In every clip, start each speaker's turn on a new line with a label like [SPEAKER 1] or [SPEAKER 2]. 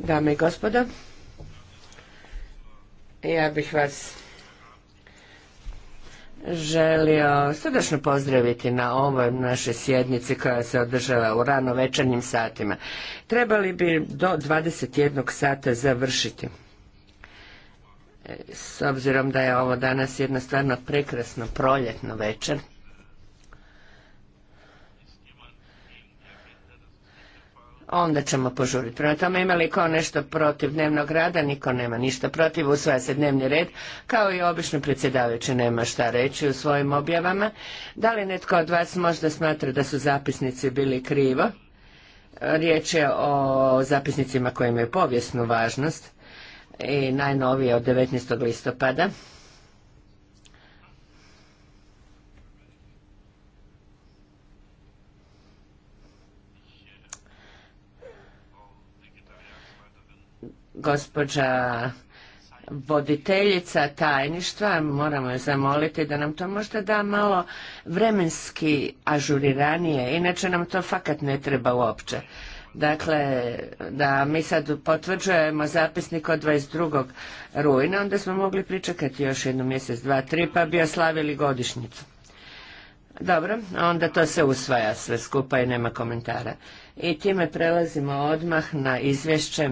[SPEAKER 1] Dame i gospodo, ja bih vas želio srdačno pozdraviti na ovoj našoj sjednici koja se održava u rano večernjim satima. Trebali bi do 21 sata završiti. E, s obzirom da je ovo danas jedna stvarno prekrasno proljetno večer, onda ćemo požuriti. Prema tome li ko nešto protiv dnevnog rada, niko nema ništa protiv, usvaja se dnevni red, kao i obično predsjedavajući nema šta reći u svojim objavama. Da li netko od vas možda smatra da su zapisnici bili krivo? Riječ je o zapisnicima koji imaju povijesnu važnost i najnovije od 19. listopada. gospođa voditeljica tajništva, moramo je zamoliti da nam to možda da malo vremenski ažuriranije, inače nam to fakat ne treba uopće. Dakle, da mi sad potvrđujemo zapisnik od 22. rujna, onda smo mogli pričekati još jednu mjesec, dva, tri, pa bi oslavili godišnjicu. Dobro, onda to se usvaja sve skupa i nema komentara. I time prelazimo odmah na izvješće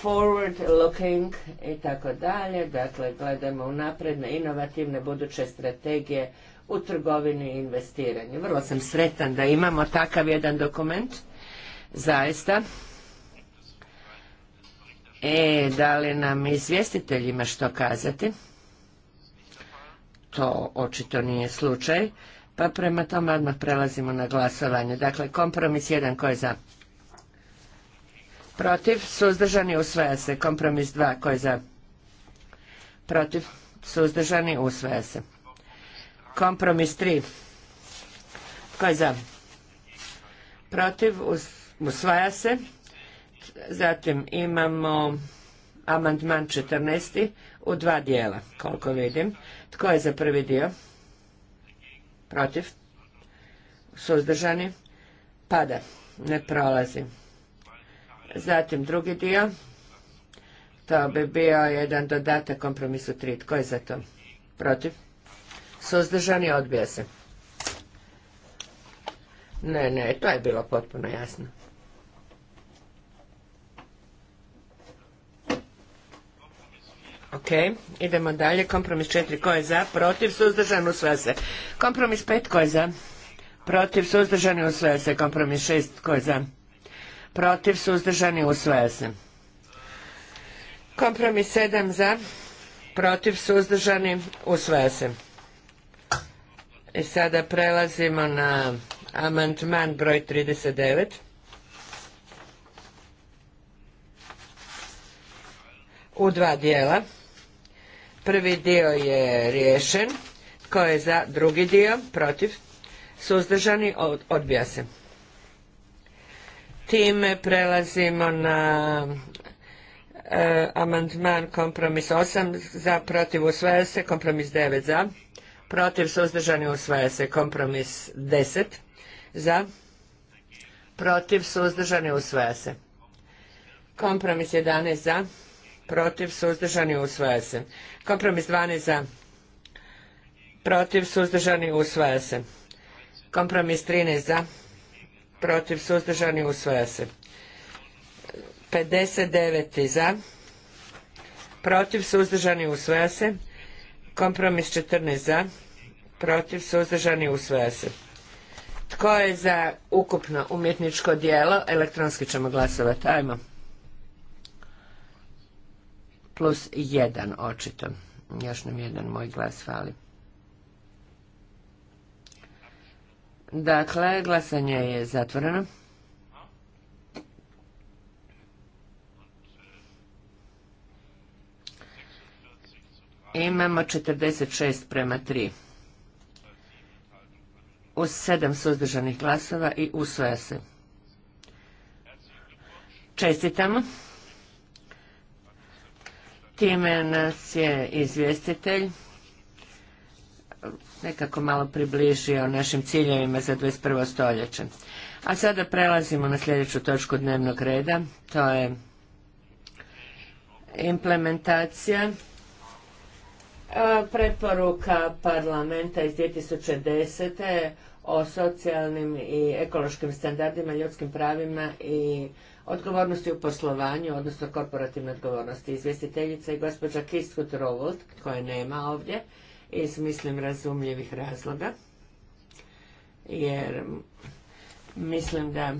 [SPEAKER 1] forward looking i tako dalje, dakle gledamo u napredne, inovativne buduće strategije u trgovini i investiranju. Vrlo sam sretan da imamo takav jedan dokument, zaista. E, da li nam izvjestiteljima što kazati? To očito nije slučaj, pa prema tome odmah prelazimo na glasovanje. Dakle, kompromis jedan, ko je za? protiv, suzdržani, usvaja se. Kompromis dva, tko je za? Protiv, suzdržani, usvaja se. Kompromis tri, Tko je za? Protiv, usvaja se. Zatim imamo amandman 14. u dva dijela, koliko vidim. Tko je za prvi dio? Protiv? Suzdržani? Pada. Ne prolazi. Zatim drugi dio. To bi bio jedan dodatak kompromisu 3. Tko je za to? Protiv? Suzdržani odbija se. Ne, ne, to je bilo potpuno jasno. Ok, idemo dalje. Kompromis 4. Ko je za? Protiv? Suzdržan? Usvaja se. Kompromis 5. Ko je za? Protiv? Suzdržan? Usvaja se. Kompromis 6. Ko je za? protiv, suzdržani, usvaja se. Kompromis 7 za, protiv, suzdržani, usvaja se. I e sada prelazimo na amandman broj 39. U dva dijela. Prvi dio je riješen. Tko je za drugi dio? Protiv. Suzdržani odbija se. Time prelazimo na e, amandman kompromis 8 za protiv usvaja se, kompromis 9 za, protiv suzdržani usvaja se, kompromis 10 za, protiv suzdržani usvaja se. Kompromis 11 za, protiv suzdržani usvaja se. Kompromis 12 za, protiv suzdržani usvaja se. Kompromis 13 za, protiv suzdržani usvaja se. 59. za, protiv suzdržani usvaja se. Kompromis 14 za, protiv suzdržani usvaja se. Tko je za ukupno umjetničko dijelo? Elektronski ćemo glasovati. Ajmo. Plus jedan, očito. Još nam jedan moj glas fali. Dakle, glasanje je zatvoreno. Imamo 46 prema 3. Uz 7 suzdržanih glasova i usvoja se. Čestitamo. Time nas je izvjestitelj nekako malo približio našim ciljevima za 21. stoljeće. A sada prelazimo na sljedeću točku dnevnog reda, to je implementacija e, preporuka parlamenta iz 2010. o socijalnim i ekološkim standardima, ljudskim pravima i odgovornosti u poslovanju, odnosno korporativne odgovornosti. Izvjestiteljica je gospođa Kiskut Rovult koje nema ovdje, iz, mislim, razumljivih razloga, jer mislim da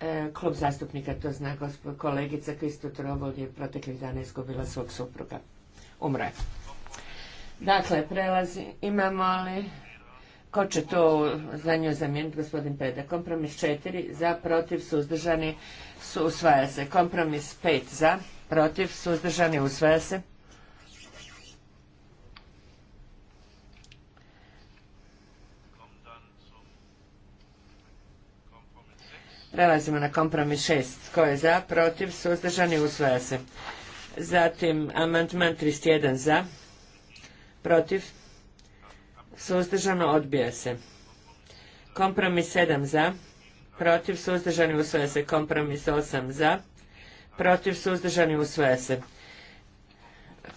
[SPEAKER 1] e, klub zastupnika to zna, kolegica Kristo Trobol je proteklih dana izgubila svog supruga. Umre. Dakle, prelazi, imamo li Ko će to za nju zamijeniti? Gospodin Peda. Kompromis četiri za, protiv, suzdržani, su, usvaja se. Kompromis pet za, protiv, suzdržani, usvaja se. Prelazimo na kompromis 6. Ko je za, protiv, suzdržani, usvaja se. Zatim amandman 31 za, protiv, suzdržano, odbija se. Kompromis 7 za, protiv, suzdržani, usvaja se. Kompromis 8 za, protiv, suzdržani, usvaja se.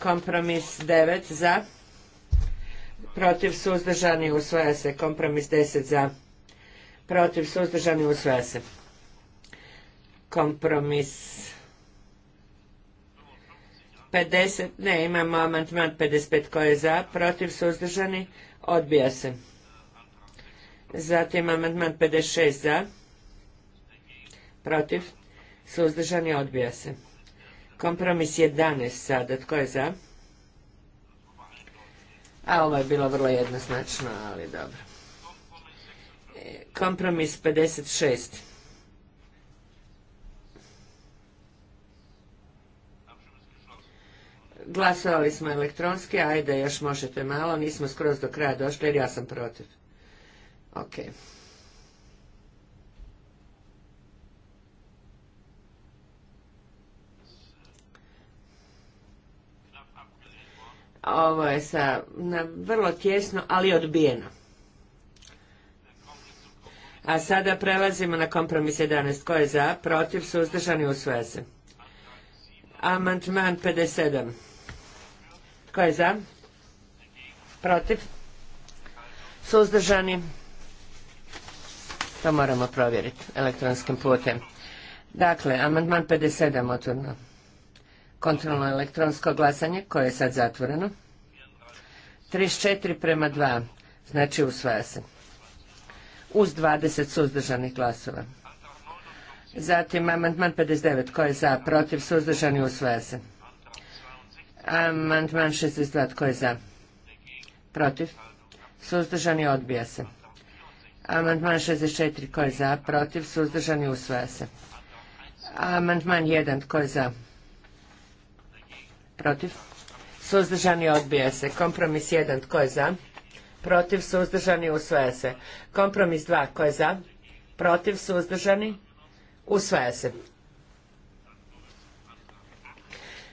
[SPEAKER 1] Kompromis 9 za, protiv, suzdržani, usvaja se. Kompromis 10 za, protiv, suzdržani, usvaja se kompromis 50, ne, imamo amantman 55 tko je za, protiv, suzdržani, odbija se. Zatim amantman 56 za, protiv, suzdržani, odbija se. Kompromis 11 sada, tko je za? A ovo je bilo vrlo jednoznačno, ali dobro. E, kompromis 56. Glasovali smo elektronski, ajde još možete malo, nismo skroz do kraja došli jer ja sam protiv. Ok. Ovo je sa, na, vrlo tjesno, ali odbijeno. A sada prelazimo na kompromis 11. Ko je za? Protiv? Suzdržani? u se. Amantman 57. Tko je za? Protiv? Suzdržani? To moramo provjeriti elektronskim putem. Dakle, amandman 57 otvorno. Kontrolno elektronsko glasanje koje je sad zatvoreno. 34 prema 2, znači usvaja se. Uz 20 suzdržanih glasova. Zatim amandman 59 koji je za, protiv, suzdržani, usvaja se. Amandman 62. Tko je za? Protiv? Suzdržani odbija se. Amandman 64. Tko je za? Protiv? Suzdržani usvaja se. Amandman 1. Tko je za? Protiv? Suzdržani odbija se. Kompromis 1. Tko je za? Protiv? Suzdržani usvaja se. Kompromis 2. Tko je za? Protiv? Suzdržani usvaja se.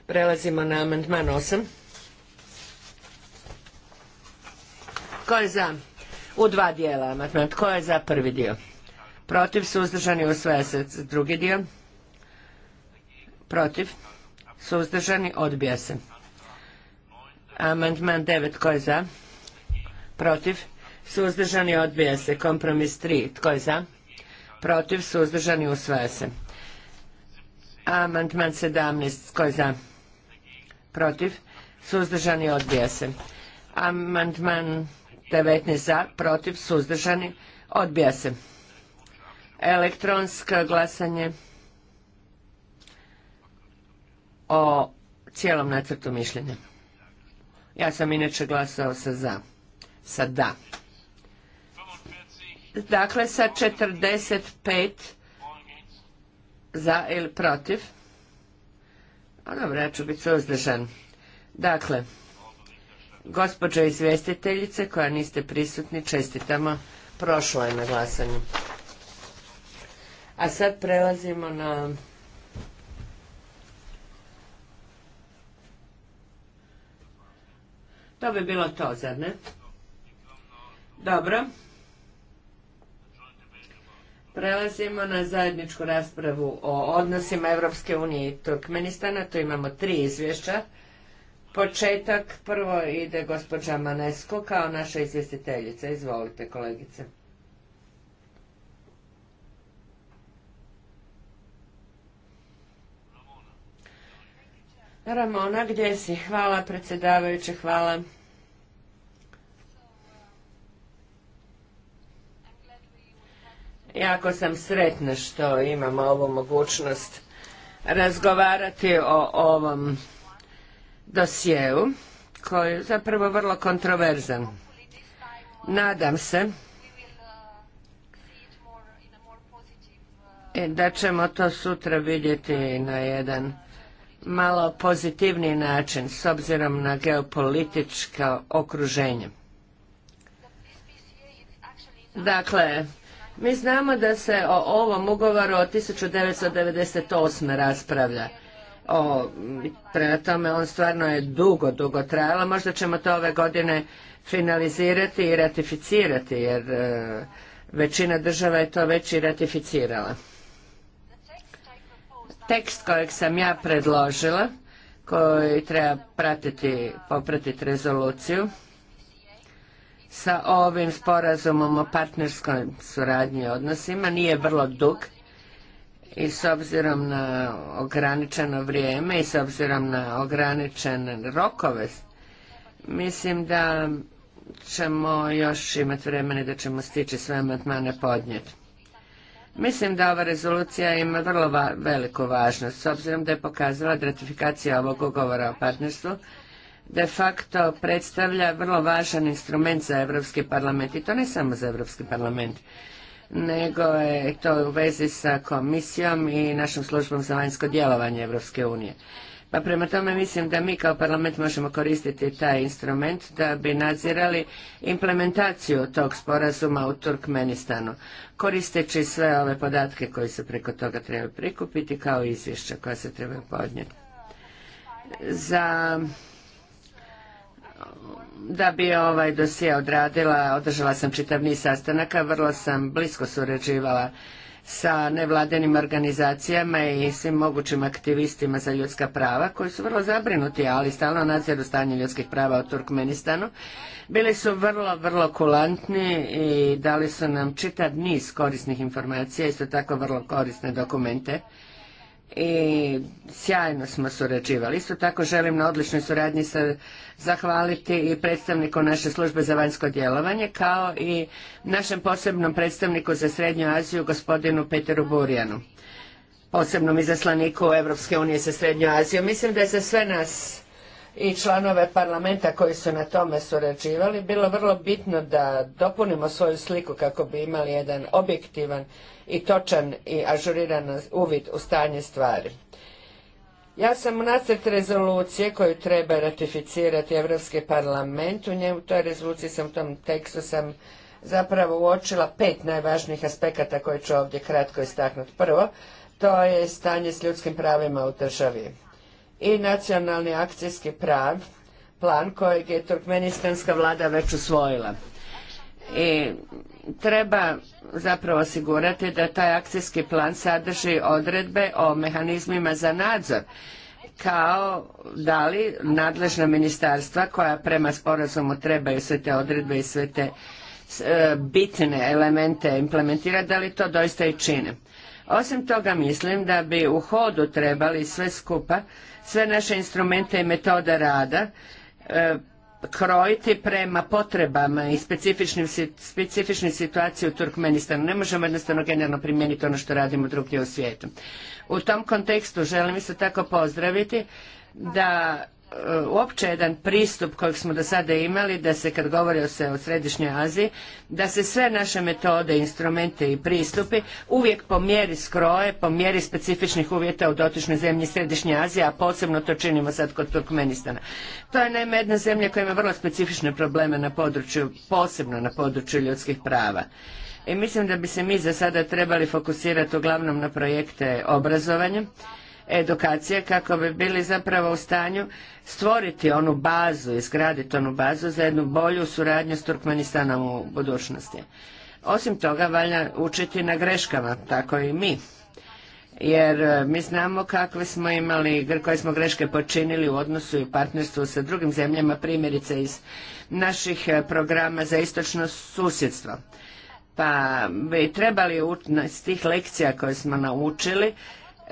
[SPEAKER 1] Prelazimo na amandman 8. Tko je za? U dva dijela amandman. Tko je za prvi dio? Protiv, suzdržani, usvaja se drugi dio. Protiv, suzdržani, odbija se. Amandman 9. Tko je za? Protiv, suzdržani, odbija se. Kompromis 3. Tko je za? Protiv, suzdržani, usvaja se. Amandman 17. Tko je za? protiv, suzdržani, odbija se. Amandman 19 za, protiv, suzdržani, odbija se. Elektronsko glasanje o cijelom nacrtu mišljenja. Ja sam inače glasao sa za, sa da. Dakle, sa 45 za ili protiv a dobro, ja ću biti suzdržan. Dakle, gospođo izvjestiteljice koja niste prisutni, čestitamo. Prošlo je na glasanju. A sad prelazimo na... To bi bilo to, zar ne? Dobro. Prelazimo na zajedničku raspravu o odnosima Evropske unije i Turkmenistana. Tu imamo tri izvješća. Početak prvo ide gospođa Manesko kao naša izvjestiteljica. Izvolite kolegice. Ramona, gdje si? Hvala predsjedavajuće, hvala. Jako sam sretna što imamo ovu mogućnost razgovarati o ovom dosjeu koji je zapravo vrlo kontroverzan. Nadam se e, da ćemo to sutra vidjeti na jedan malo pozitivniji način s obzirom na geopolitičko okruženje. Dakle, mi znamo da se o ovom ugovoru od 1998. raspravlja. O, prema tome on stvarno je dugo, dugo trajalo. Možda ćemo to ove godine finalizirati i ratificirati jer e, većina država je to već i ratificirala. Tekst kojeg sam ja predložila koji treba pratiti, popratiti rezoluciju sa ovim sporazumom o partnerskoj suradnji i odnosima. Nije vrlo dug i s obzirom na ograničeno vrijeme i s obzirom na ograničene rokove, mislim da ćemo još imati vremena da ćemo stići sve amandmane podnijeti. Mislim da ova rezolucija ima vrlo veliku važnost, s obzirom da je pokazala ratifikacija ovog ugovora o partnerstvu de facto predstavlja vrlo važan instrument za Europski parlament i to ne samo za Europski parlament nego je to u vezi sa komisijom i našom službom za vanjsko djelovanje Europske unije. Pa prema tome mislim da mi kao parlament možemo koristiti taj instrument da bi nadzirali implementaciju tog sporazuma u Turkmenistanu, koristeći sve ove podatke koji se preko toga trebaju prikupiti kao izvješća koja se trebaju podnijeti. Za da bi ovaj dosije odradila, održala sam čitav niz sastanaka, vrlo sam blisko surađivala sa nevladinim organizacijama i svim mogućim aktivistima za ljudska prava koji su vrlo zabrinuti, ali stalno nadziru stanje ljudskih prava u Turkmenistanu. Bili su vrlo, vrlo kulantni i dali su nam čitav niz korisnih informacija, isto tako vrlo korisne dokumente i sjajno smo surađivali. Isto tako želim na odličnoj suradnji se zahvaliti i predstavniku naše službe za vanjsko djelovanje kao i našem posebnom predstavniku za Srednju Aziju gospodinu Peteru Burjanu posebnom izaslaniku Europske unije sa Srednju Aziju. Mislim da je za sve nas i članove parlamenta koji su na tome surađivali bilo vrlo bitno da dopunimo svoju sliku kako bi imali jedan objektivan i točan i ažuriran uvid u stanje stvari. Ja sam u nacrt rezolucije koju treba ratificirati Europski parlament, u njemu toj rezoluciji sam u tom tekstu sam zapravo uočila pet najvažnijih aspekata koje ću ovdje kratko istaknuti. Prvo, to je stanje s ljudskim pravima u državi i nacionalni akcijski prav, plan kojeg je turkmenistanska vlada već usvojila. I treba zapravo osigurati da taj akcijski plan sadrži odredbe o mehanizmima za nadzor kao da li nadležna ministarstva koja prema sporazumu trebaju sve te odredbe i sve te e, bitne elemente implementirati, da li to doista i čine. Osim toga mislim da bi u hodu trebali sve skupa, sve naše instrumente i metode rada e, krojiti prema potrebama i specifičnim, situaciji u Turkmenistanu. Ne možemo jednostavno generalno primijeniti ono što radimo drugdje u svijetu. U tom kontekstu želim isto tako pozdraviti da E, uopće jedan pristup kojeg smo do sada imali da se kad govori se o središnjoj Aziji da se sve naše metode, instrumente i pristupi uvijek po mjeri skroje, po mjeri specifičnih uvjeta u dotičnoj zemlji središnje Azije, a posebno to činimo sad kod Turkmenistana. To je naime jedna zemlja koja ima vrlo specifične probleme na području, posebno na području ljudskih prava. I mislim da bi se mi za sada trebali fokusirati uglavnom na projekte obrazovanja edukacije kako bi bili zapravo u stanju stvoriti onu bazu, izgraditi onu bazu za jednu bolju suradnju s Turkmenistanom u budućnosti. Osim toga, valja učiti na greškama, tako i mi. Jer e, mi znamo kakve smo imali, koje smo greške počinili u odnosu i partnerstvu sa drugim zemljama, primjerice iz naših e, programa za istočno susjedstvo. Pa bi trebali iz tih lekcija koje smo naučili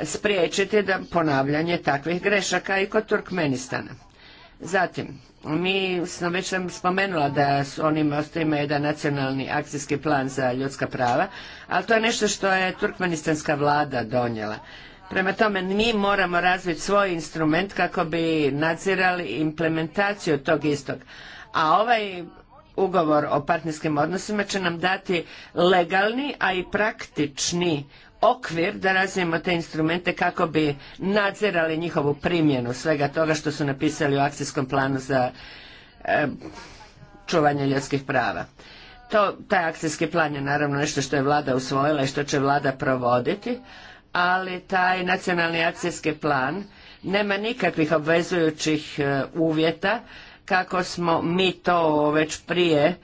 [SPEAKER 1] spriječiti da ponavljanje takvih grešaka i kod Turkmenistana. Zatim, mi sam već sam spomenula da su oni ima jedan nacionalni akcijski plan za ljudska prava, ali to je nešto što je turkmenistanska vlada donijela. Prema tome, mi moramo razviti svoj instrument kako bi nadzirali implementaciju tog istog. A ovaj ugovor o partnerskim odnosima će nam dati legalni, a i praktični okvir da razvijemo te instrumente kako bi nadzirali njihovu primjenu svega toga što su napisali u akcijskom planu za e, čuvanje ljudskih prava. taj akcijski plan je naravno nešto što je vlada usvojila i što će vlada provoditi, ali taj nacionalni akcijski plan nema nikakvih obvezujućih e, uvjeta kako smo mi to već prije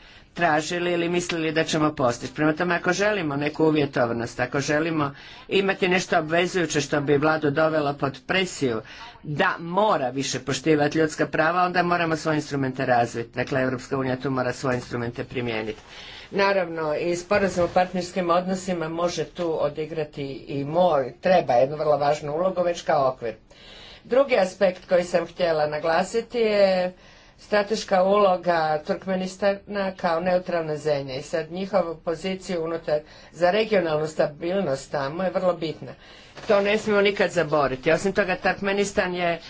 [SPEAKER 1] tražili ili mislili da ćemo postići. Prema tome, ako želimo neku uvjetovnost, ako želimo imati nešto obvezujuće što bi vladu dovelo pod presiju da mora više poštivati ljudska prava, onda moramo svoje instrumente razviti. Dakle, Europska unija tu mora svoje instrumente primijeniti. Naravno, i sporazum o partnerskim odnosima može tu odigrati i moj, treba jednu vrlo važnu ulogu, već kao okvir. Drugi aspekt koji sam htjela naglasiti je strateška uloga Turkmenistana kao neutralne zemlje i sad njihovu poziciju unutar za regionalnu stabilnost tamo je vrlo bitna. To ne smijemo nikad zaboriti. Osim toga, Turkmenistan je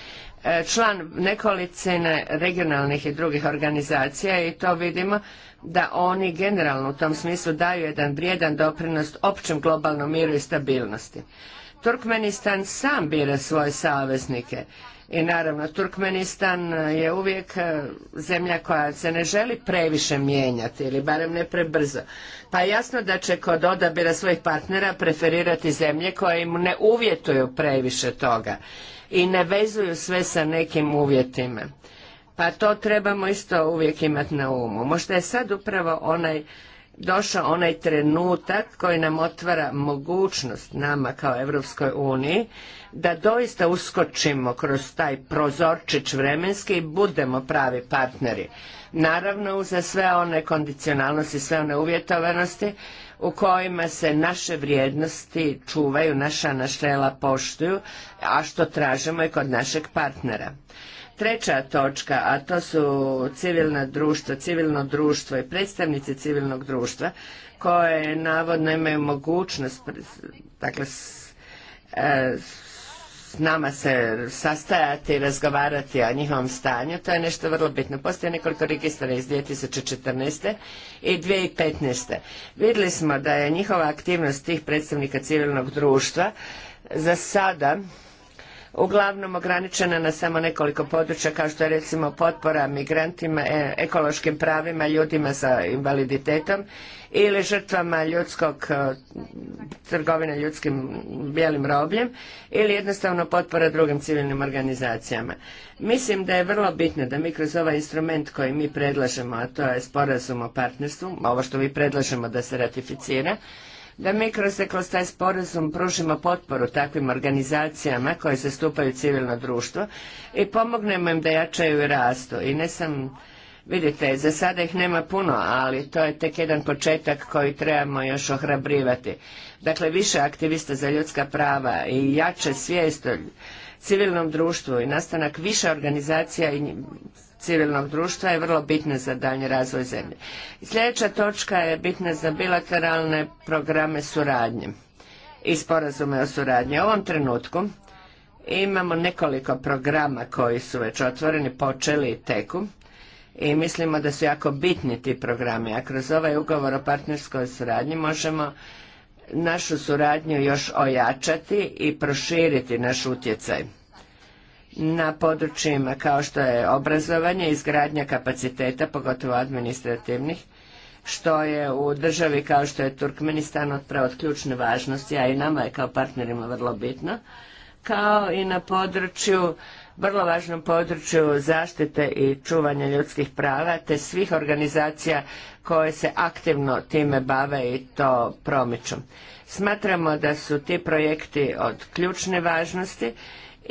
[SPEAKER 1] e, član nekolicine regionalnih i drugih organizacija i to vidimo da oni generalno u tom smislu daju jedan vrijedan doprinos općem globalnom miru i stabilnosti. Turkmenistan sam bira svoje saveznike i naravno, Turkmenistan je uvijek e, zemlja koja se ne želi previše mijenjati ili barem ne prebrzo. Pa jasno da će kod odabira svojih partnera preferirati zemlje koje im ne uvjetuju previše toga i ne vezuju sve sa nekim uvjetima. Pa to trebamo isto uvijek imati na umu. Možda je sad upravo onaj došao onaj trenutak koji nam otvara mogućnost nama kao Europskoj uniji da doista uskočimo kroz taj prozorčić vremenski i budemo pravi partneri. Naravno uza sve one kondicionalnosti, sve one uvjetovanosti u kojima se naše vrijednosti čuvaju, naša naštela poštuju, a što tražimo i kod našeg partnera treća točka, a to su civilna društva, civilno društvo i predstavnici civilnog društva koje navodno imaju mogućnost, dakle s, e, nama se sastajati i razgovarati o njihovom stanju, to je nešto vrlo bitno. Postoje nekoliko registara iz 2014. i 2015. Vidjeli smo da je njihova aktivnost tih predstavnika civilnog društva za sada uglavnom ograničena na samo nekoliko područja kao što je recimo potpora migrantima, e, ekološkim pravima, ljudima sa invaliditetom ili žrtvama ljudskog e, trgovine ljudskim bijelim robljem ili jednostavno potpora drugim civilnim organizacijama. Mislim da je vrlo bitno da mi kroz ovaj instrument koji mi predlažemo, a to je sporazum o partnerstvu, ovo što mi predlažemo da se ratificira, da mi kroz, taj sporazum pružimo potporu takvim organizacijama koje zastupaju civilno društvo i pomognemo im da jačaju i rastu. I ne sam, vidite, za sada ih nema puno, ali to je tek jedan početak koji trebamo još ohrabrivati. Dakle, više aktivista za ljudska prava i jače svijest civilnom društvu i nastanak više organizacija i civilnog društva je vrlo bitna za daljnji razvoj zemlje. Sljedeća točka je bitna za bilateralne programe suradnje i sporazume o suradnji. U ovom trenutku imamo nekoliko programa koji su već otvoreni, počeli i teku i mislimo da su jako bitni ti programi, a kroz ovaj ugovor o partnerskoj suradnji možemo našu suradnju još ojačati i proširiti naš utjecaj na područjima kao što je obrazovanje, izgradnja kapaciteta, pogotovo administrativnih, što je u državi kao što je Turkmenistan od od ključne važnosti, a i nama je kao partnerima vrlo bitno, kao i na području vrlo važnom području zaštite i čuvanja ljudskih prava te svih organizacija koje se aktivno time bave i to promiču. Smatramo da su ti projekti od ključne važnosti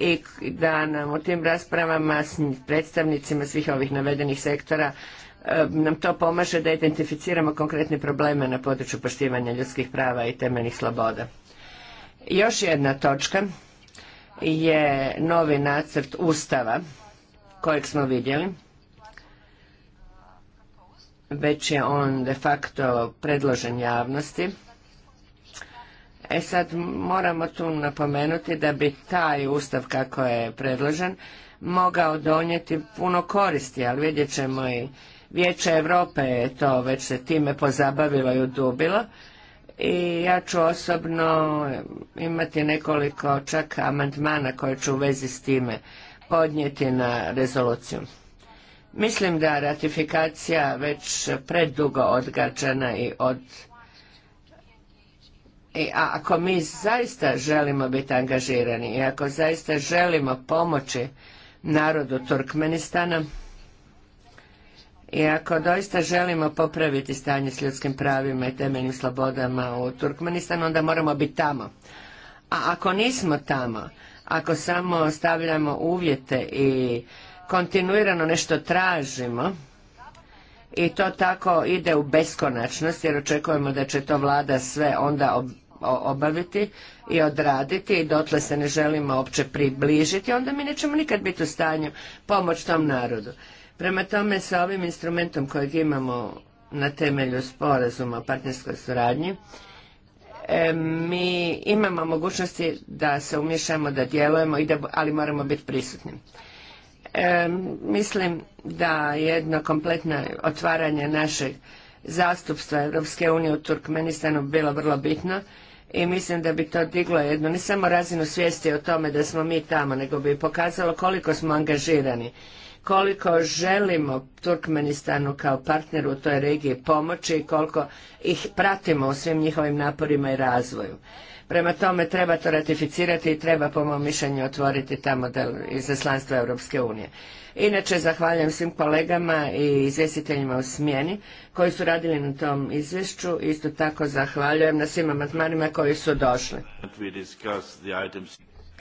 [SPEAKER 1] i da nam u tim raspravama s predstavnicima svih ovih navedenih sektora e, nam to pomaže da identificiramo konkretne probleme na području poštivanja ljudskih prava i temeljnih sloboda. Još jedna točka je novi nacrt Ustava kojeg smo vidjeli. Već je on de facto predložen javnosti E sad moramo tu napomenuti da bi taj ustav kako je predložen mogao donijeti puno koristi, ali vidjet ćemo i Vijeće Europe je to već se time pozabavilo i udubilo i ja ću osobno imati nekoliko čak amandmana koje ću u vezi s time podnijeti na rezoluciju. Mislim da ratifikacija već predugo odgađana i od i e, ako mi zaista želimo biti angažirani i ako zaista želimo pomoći narodu Turkmenistana i ako doista želimo popraviti stanje s ljudskim pravima i temeljnim slobodama u Turkmenistanu, onda moramo biti tamo. A ako nismo tamo, ako samo stavljamo uvjete i kontinuirano nešto tražimo, i to tako ide u beskonačnost jer očekujemo da će to vlada sve onda obaviti i odraditi i dotle se ne želimo uopće približiti, onda mi nećemo nikad biti u stanju pomoći tom narodu. Prema tome, sa ovim instrumentom kojeg imamo na temelju sporazuma o partnerskoj suradnji, e, mi imamo mogućnosti da se umješamo, da djelujemo, ali moramo biti prisutni. E, mislim da jedno kompletno otvaranje našeg zastupstva Europske unije u Turkmenistanu bilo vrlo bitno i mislim da bi to diglo jednu ne samo razinu svijesti o tome da smo mi tamo, nego bi pokazalo koliko smo angažirani, koliko želimo Turkmenistanu kao partneru u toj regiji pomoći i koliko ih pratimo u svim njihovim naporima i razvoju. Prema tome treba to ratificirati i treba po mom mišljenju otvoriti model model Europske unije. Inače, zahvaljujem svim kolegama i izvjestiteljima u smjeni koji su radili na tom izvješću. Isto tako zahvaljujem na svim amatmanima koji su došli.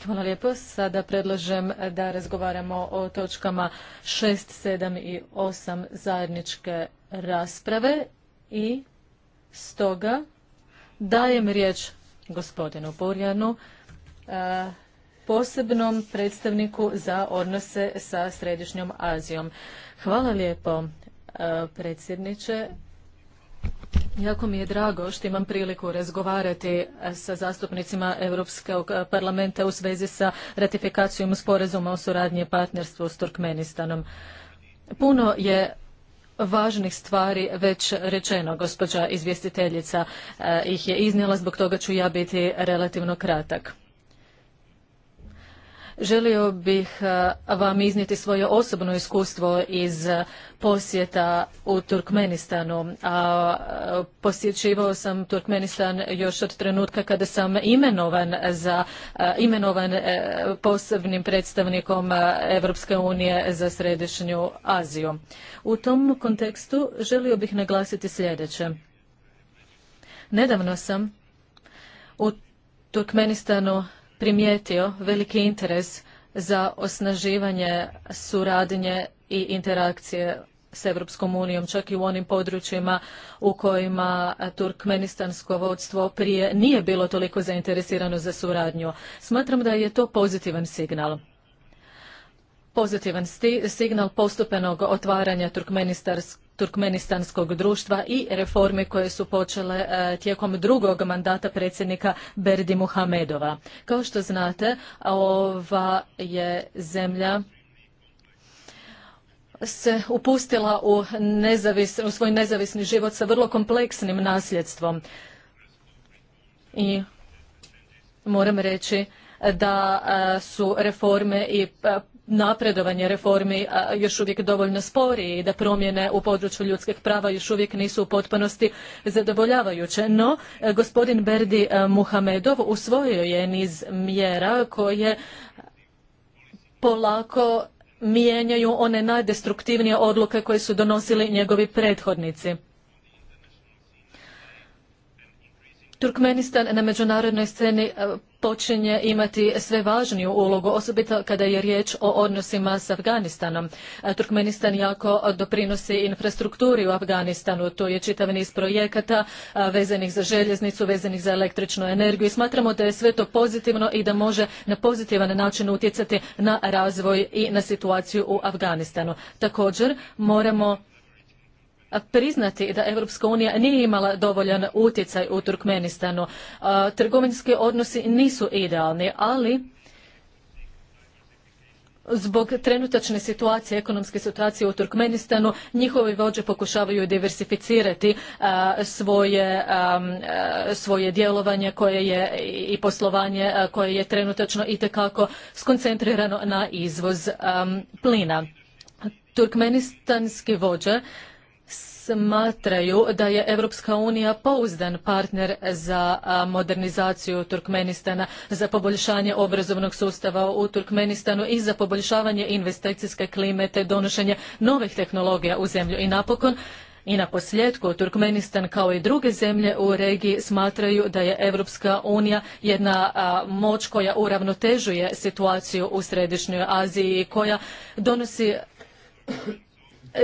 [SPEAKER 1] Hvala lijepo. Sada
[SPEAKER 2] predlažem da razgovaramo o točkama 6, 7 i 8 zajedničke rasprave i stoga dajem riječ gospodinu Burjanu, e, posebnom predstavniku za odnose sa Središnjom Azijom. Hvala lijepo, e, predsjedniče. Jako mi je drago što imam priliku razgovarati e, sa zastupnicima Europskog parlamenta u svezi sa ratifikacijom sporazuma o suradnji i partnerstvu s Turkmenistanom. Puno je važnih stvari već rečeno. Gospođa izvjestiteljica eh, ih je iznijela, zbog toga ću ja biti relativno kratak. Želio bih e, vam iznijeti svoje osobno iskustvo iz e, posjeta u Turkmenistanu. A, e, posjećivao sam Turkmenistan još od trenutka kada sam imenovan za imenovan posebnim predstavnikom Europske unije za središnju Aziju. U tom kontekstu želio bih naglasiti sljedeće. Nedavno sam u Turkmenistanu primijetio veliki interes za osnaživanje suradnje i interakcije s Europskom unijom, čak i u onim područjima u kojima turkmenistansko vodstvo prije nije bilo toliko zainteresirano za suradnju. Smatram da je to pozitivan signal. Pozitivan signal postupenog otvaranja Turkmenistarske turkmenistanskog društva i reforme koje su počele e, tijekom drugog mandata predsjednika Berdi Muhamedova. Kao što znate, ova je zemlja se upustila u, u svoj nezavisni život sa vrlo kompleksnim nasljedstvom. I moram reći da e, su reforme i e, napredovanje reformi još uvijek dovoljno spori i da promjene u području ljudskih prava još uvijek nisu u potpunosti zadovoljavajuće. No, e, gospodin Berdi e, Muhamedov usvojio je niz mjera koje polako mijenjaju one najdestruktivnije odluke koje su donosili njegovi prethodnici. Turkmenistan na međunarodnoj sceni e, počinje imati sve važniju ulogu, osobito kada je riječ o odnosima s Afganistanom. E, Turkmenistan jako doprinosi infrastrukturi u Afganistanu. to je čitav niz projekata e, vezanih za željeznicu, vezanih za električnu energiju i smatramo da je sve to pozitivno i da može na pozitivan način utjecati na razvoj i na situaciju u Afganistanu. Također moramo priznati da Europska unija nije imala dovoljan utjecaj u Turkmenistanu. Trgovinski odnosi nisu idealni, ali Zbog trenutačne situacije, ekonomske situacije u Turkmenistanu, njihovi vođe pokušavaju diversificirati svoje, svoje djelovanje koje je i poslovanje koje je trenutačno itekako skoncentrirano na izvoz plina. Turkmenistanski vođe smatraju da je Europska unija pouzdan partner za modernizaciju Turkmenistana, za poboljšanje obrazovnog sustava u Turkmenistanu i za poboljšavanje investicijske klime te donošenje novih tehnologija u zemlju. I napokon, i na posljedku, Turkmenistan kao i druge zemlje u regiji smatraju da je Europska unija jedna moć koja uravnotežuje situaciju u Središnjoj Aziji i koja donosi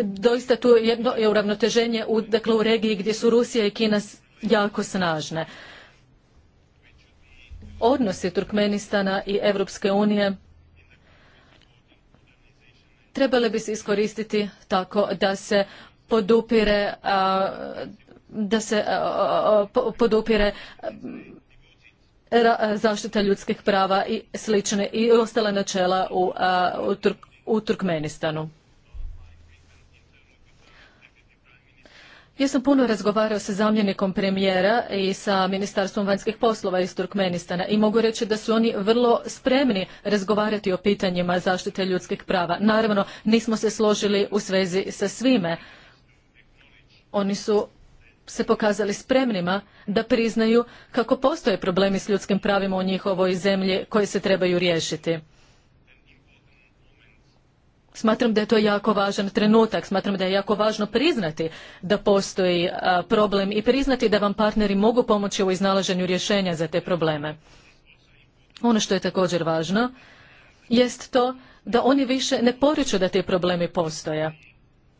[SPEAKER 2] doista tu jedno je uravnoteženje u, dakle, u regiji gdje su Rusija i Kina jako snažne. Odnosi Turkmenistana i Europske unije trebale bi se iskoristiti tako da se podupire da se podupire zaštita ljudskih prava i slične i ostala načela u, u Turkmenistanu. Ja sam puno razgovarao sa zamljenikom premijera i sa Ministarstvom vanjskih poslova iz Turkmenistana i mogu reći da su oni vrlo spremni razgovarati o pitanjima zaštite ljudskih prava. Naravno, nismo se složili u svezi sa svime. Oni su se pokazali spremnima da priznaju kako postoje problemi s ljudskim pravima u njihovoj zemlji koje se trebaju riješiti. Smatram da je to jako važan trenutak, smatram da je jako važno priznati da postoji problem i priznati da vam partneri mogu pomoći u iznalaženju rješenja za te probleme. Ono što je također važno jest to da oni više ne poriču da ti problemi postoje,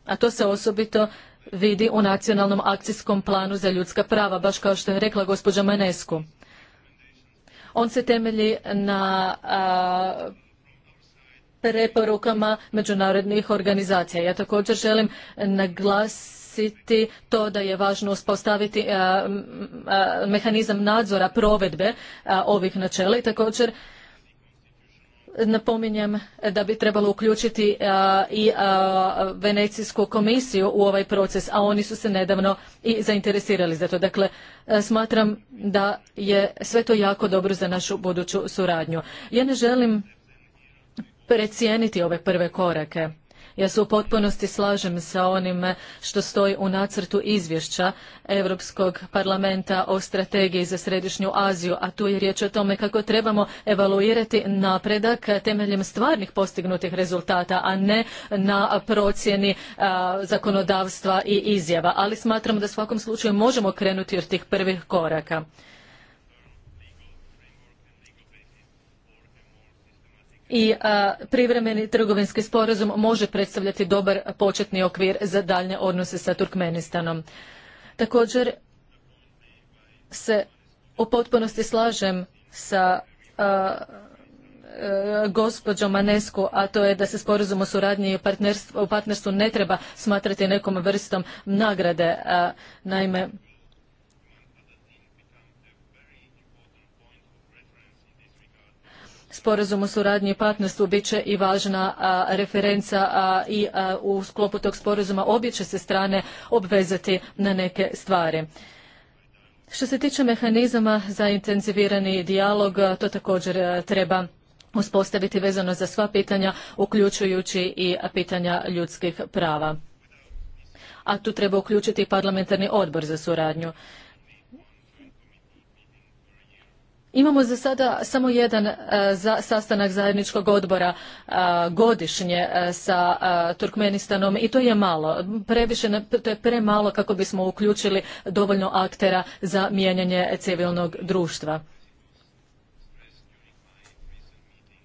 [SPEAKER 2] a to se osobito vidi u nacionalnom akcijskom planu za ljudska prava, baš kao što je rekla gospođa Manesku. On se temelji na preporukama međunarodnih organizacija. Ja također želim naglasiti to da je važno uspostaviti e, e, mehanizam nadzora provedbe e, ovih načela i također napominjem da bi trebalo uključiti i venecijsku komisiju u ovaj proces a oni su se nedavno i zainteresirali za to dakle smatram da je sve to jako dobro za našu buduću suradnju ja ne želim precijeniti ove prve korake. Ja se u potpunosti slažem sa onim što stoji u nacrtu izvješća Europskog parlamenta o strategiji za središnju Aziju, a tu je riječ o tome kako trebamo evaluirati napredak temeljem stvarnih postignutih rezultata, a ne na procjeni zakonodavstva i izjava. Ali smatram da u svakom slučaju možemo krenuti od tih prvih koraka. i privremeni trgovinski sporazum može predstavljati dobar početni okvir za daljnje odnose sa Turkmenistanom. Također se u potpunosti slažem sa gospođom gospođo a to je da se sporazum o suradnji i partnerstvu, partnerstvu ne treba smatrati nekom vrstom nagrade. Naime, sporazum o suradnji i partnerstvu bit će i važna referenca a, i u sklopu tog sporazuma obje će se strane obvezati na neke stvari. Što se tiče mehanizama za intenzivirani dijalog, to također e, treba uspostaviti vezano za sva pitanja, uključujući i pitanja ljudskih prava. A tu treba uključiti i parlamentarni odbor za suradnju. Imamo za sada samo jedan e, sastanak zajedničkog odbora e, godišnje e, sa Turkmenistanom i to je malo. Previše, to je premalo kako bismo uključili dovoljno aktera za mijenjanje civilnog društva.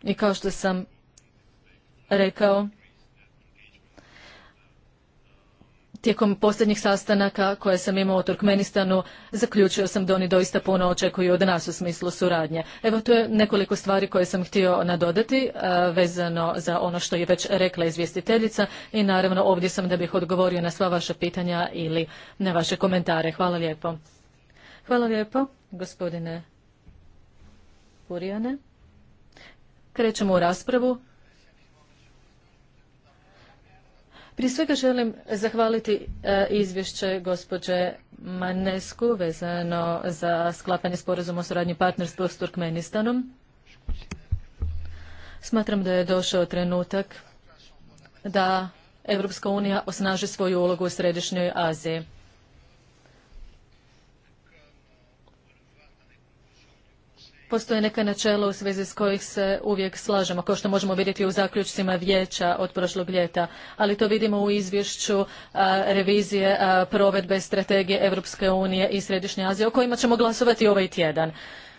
[SPEAKER 2] I kao što sam rekao, tijekom posljednjih sastanaka koje sam imao u Turkmenistanu zaključio sam da oni doista puno očekuju od nas u smislu suradnje. Evo to je nekoliko stvari koje sam htio nadodati e, vezano za ono što je već rekla izvjestiteljica i naravno ovdje sam da bih odgovorio na sva vaša pitanja ili na vaše komentare. Hvala lijepo. Hvala lijepo gospodine Purijane. Krećemo u raspravu. Prije svega želim zahvaliti e, izvješće gospođe Manesku vezano za sklapanje sporazuma o suradnji partnerstva s Turkmenistanom. Smatram da je došao trenutak da Europska unija osnaži svoju ulogu u Središnjoj Aziji. postoje neka načela u svezi s kojih se uvijek slažemo, kao što možemo vidjeti u zaključcima vijeća od prošlog ljeta, ali to vidimo u izvješću revizije provedbe strategije Europske unije i Središnje Azije o kojima ćemo glasovati ovaj tjedan.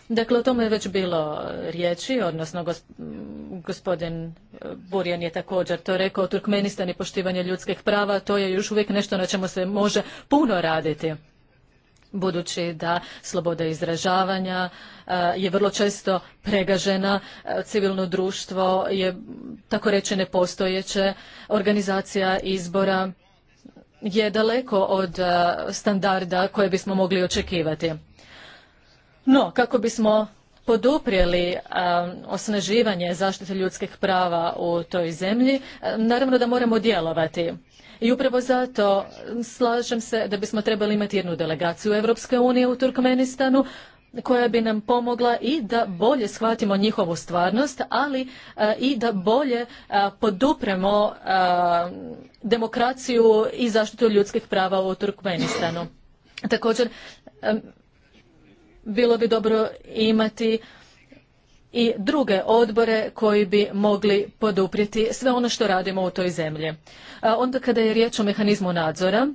[SPEAKER 2] Dakle, o tome je već bilo riječi, odnosno gospodin e, Burjan je također to rekao, Turkmenistan i poštivanje ljudskih prava, to je još uvijek nešto na čemu se može puno raditi budući da sloboda izražavanja e, je vrlo često pregažena, e, civilno društvo je tako reći nepostojeće, organizacija izbora je daleko od e, standarda koje bismo mogli očekivati. No, kako bismo poduprijeli osnaživanje zaštite ljudskih prava u toj zemlji, naravno da moramo djelovati. I upravo zato slažem se da bismo trebali imati jednu delegaciju Europske unije u Turkmenistanu koja bi nam pomogla i da bolje shvatimo njihovu stvarnost, ali e, i da bolje e, podupremo e, demokraciju i zaštitu ljudskih prava u Turkmenistanu. Također, bilo bi dobro imati i druge odbore koji bi mogli poduprijeti sve ono što radimo u toj zemlji. Onda kada je riječ o mehanizmu nadzora,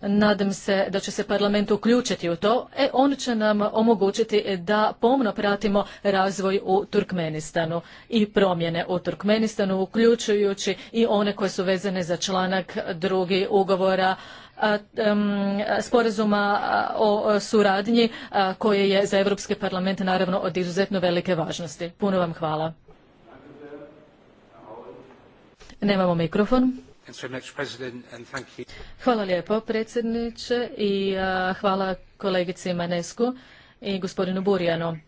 [SPEAKER 2] Nadam se da će se parlament uključiti u to. E, on će nam omogućiti da pomno pratimo razvoj u Turkmenistanu i promjene u Turkmenistanu, uključujući i one koje su vezane za članak drugi ugovora sporazuma o suradnji koje je za Europski parlament naravno od izuzetno velike važnosti. Puno vam hvala. Nemamo mikrofon. Hvala lijepo predsjedniče i hvala kolegici Manesku i gospodinu Burjanu.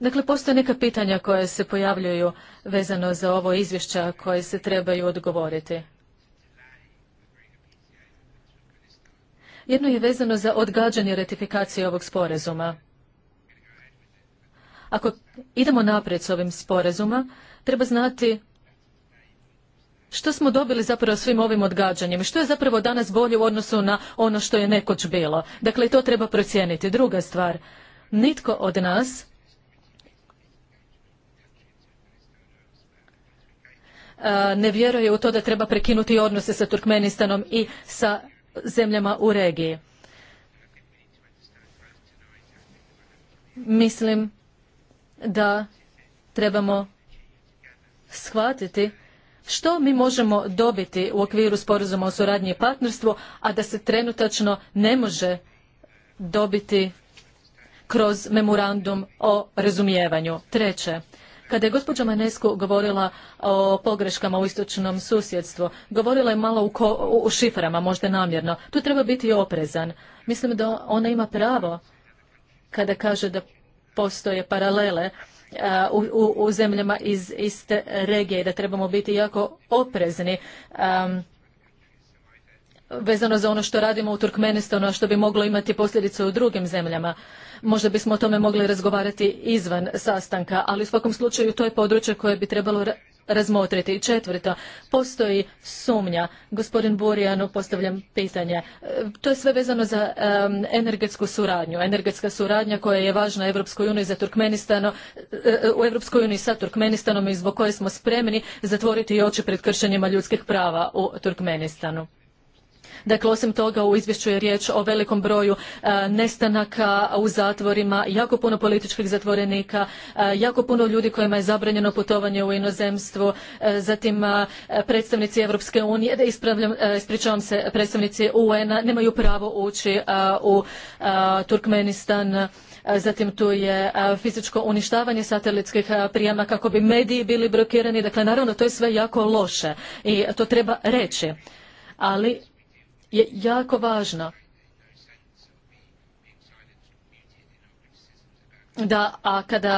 [SPEAKER 2] Dakle, postoje neka pitanja koje se pojavljuju vezano za ovo izvješća koje se trebaju odgovoriti. Jedno je vezano za odgađanje ratifikacije ovog sporazuma. Ako idemo naprijed s ovim sporazuma, treba znati što smo dobili zapravo svim ovim odgađanjem? Što je zapravo danas bolje u odnosu na ono što je nekoć bilo? Dakle, to treba procijeniti. Druga stvar, nitko od nas ne vjeruje u to da treba prekinuti odnose sa Turkmenistanom i sa zemljama u regiji. Mislim da trebamo shvatiti što mi možemo dobiti u okviru sporazuma o suradnji i partnerstvu, a da se trenutačno ne može dobiti kroz memorandum o razumijevanju. Treće, kada je gospođa Manesku govorila o pogreškama u istočnom susjedstvu, govorila je malo u šiframa, možda namjerno. Tu treba biti oprezan. Mislim da ona ima pravo kada kaže da postoje paralele uh, u, u, u zemljama iz iste regije da trebamo biti jako oprezni um, vezano za ono što radimo u Turkmenistanu, a što bi moglo imati posljedice u drugim zemljama. Možda bismo o tome mogli razgovarati izvan sastanka, ali u svakom slučaju to je područje koje bi trebalo razmotriti. Četvrto, postoji sumnja. Gospodin Burijanu postavljam pitanje. E, to je sve vezano za energetsku suradnju. Energetska suradnja koja je važna Evropskoj uniji za Turkmenistano, e, e, u Evropskoj uniji sa Turkmenistanom i zbog koje smo spremni zatvoriti oči pred kršenjima ljudskih prava u Turkmenistanu. Dakle, osim toga u izvješću je riječ o velikom broju e, nestanaka u zatvorima, jako puno političkih zatvorenika, e, jako puno ljudi kojima je zabranjeno putovanje u inozemstvu, e, zatim predstavnici Europske unije, ispričavam se, predstavnici UN-a nemaju pravo ući u Turkmenistan zatim tu je fizičko uništavanje satelitskih prijama kako bi mediji bili blokirani. Dakle, naravno, to je sve jako loše i to treba reći. Ali je jako važno Da, a kada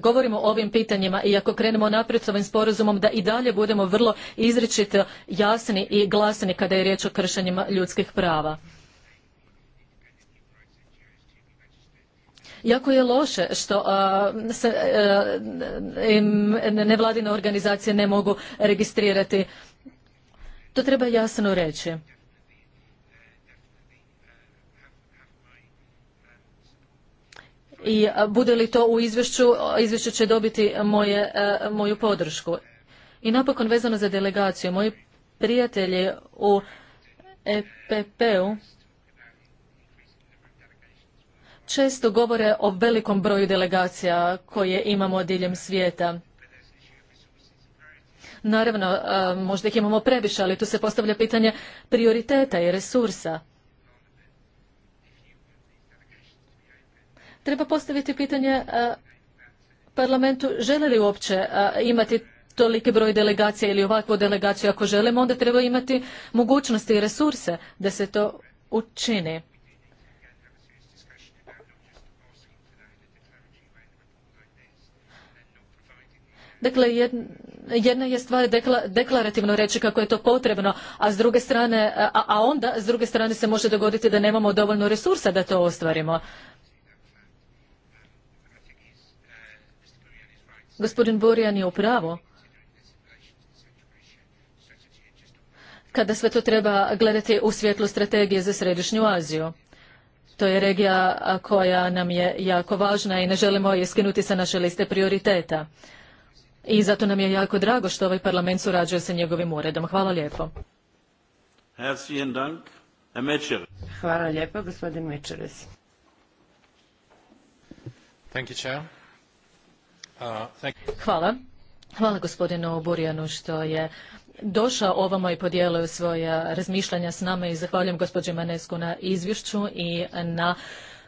[SPEAKER 2] govorimo o ovim pitanjima i ako krenemo naprijed s ovim sporazumom da i dalje budemo vrlo izričito jasni i glasni kada je riječ o kršenjima ljudskih prava. Jako je loše što se e, nevladine organizacije ne mogu registrirati. To treba jasno reći. i e, bude li to u izvješću, izvješće će dobiti moje, e, moju podršku. I napokon vezano za delegaciju, moji prijatelji u EPP-u često govore o velikom broju delegacija koje imamo diljem svijeta. Naravno, e, možda ih imamo previše, ali tu se postavlja pitanje prioriteta i resursa. treba postaviti pitanje e, parlamentu žele li uopće e, imati toliki broj delegacija ili ovakvu delegaciju ako želimo onda treba imati mogućnosti i resurse da se to učini. Dakle, jedna je stvar deklarativno reći kako je to potrebno, a s druge strane, a onda s druge strane se može dogoditi da nemamo dovoljno resursa da to ostvarimo. Gospodin Borjan je u pravu. Kada sve to treba gledati u svjetlu strategije za Središnju Aziju. To je regija koja nam je jako važna i ne želimo je skinuti sa naše liste prioriteta. I zato nam je jako drago što ovaj parlament surađuje sa njegovim uredom. Hvala lijepo.
[SPEAKER 1] Hvala lijepo, gospodin Mečeres. Hvala.
[SPEAKER 2] Hvala gospodinu Burjanu što je došao ovamo i podijelio svoja razmišljanja s nama i zahvaljujem gospođi Manesku na izvješću i na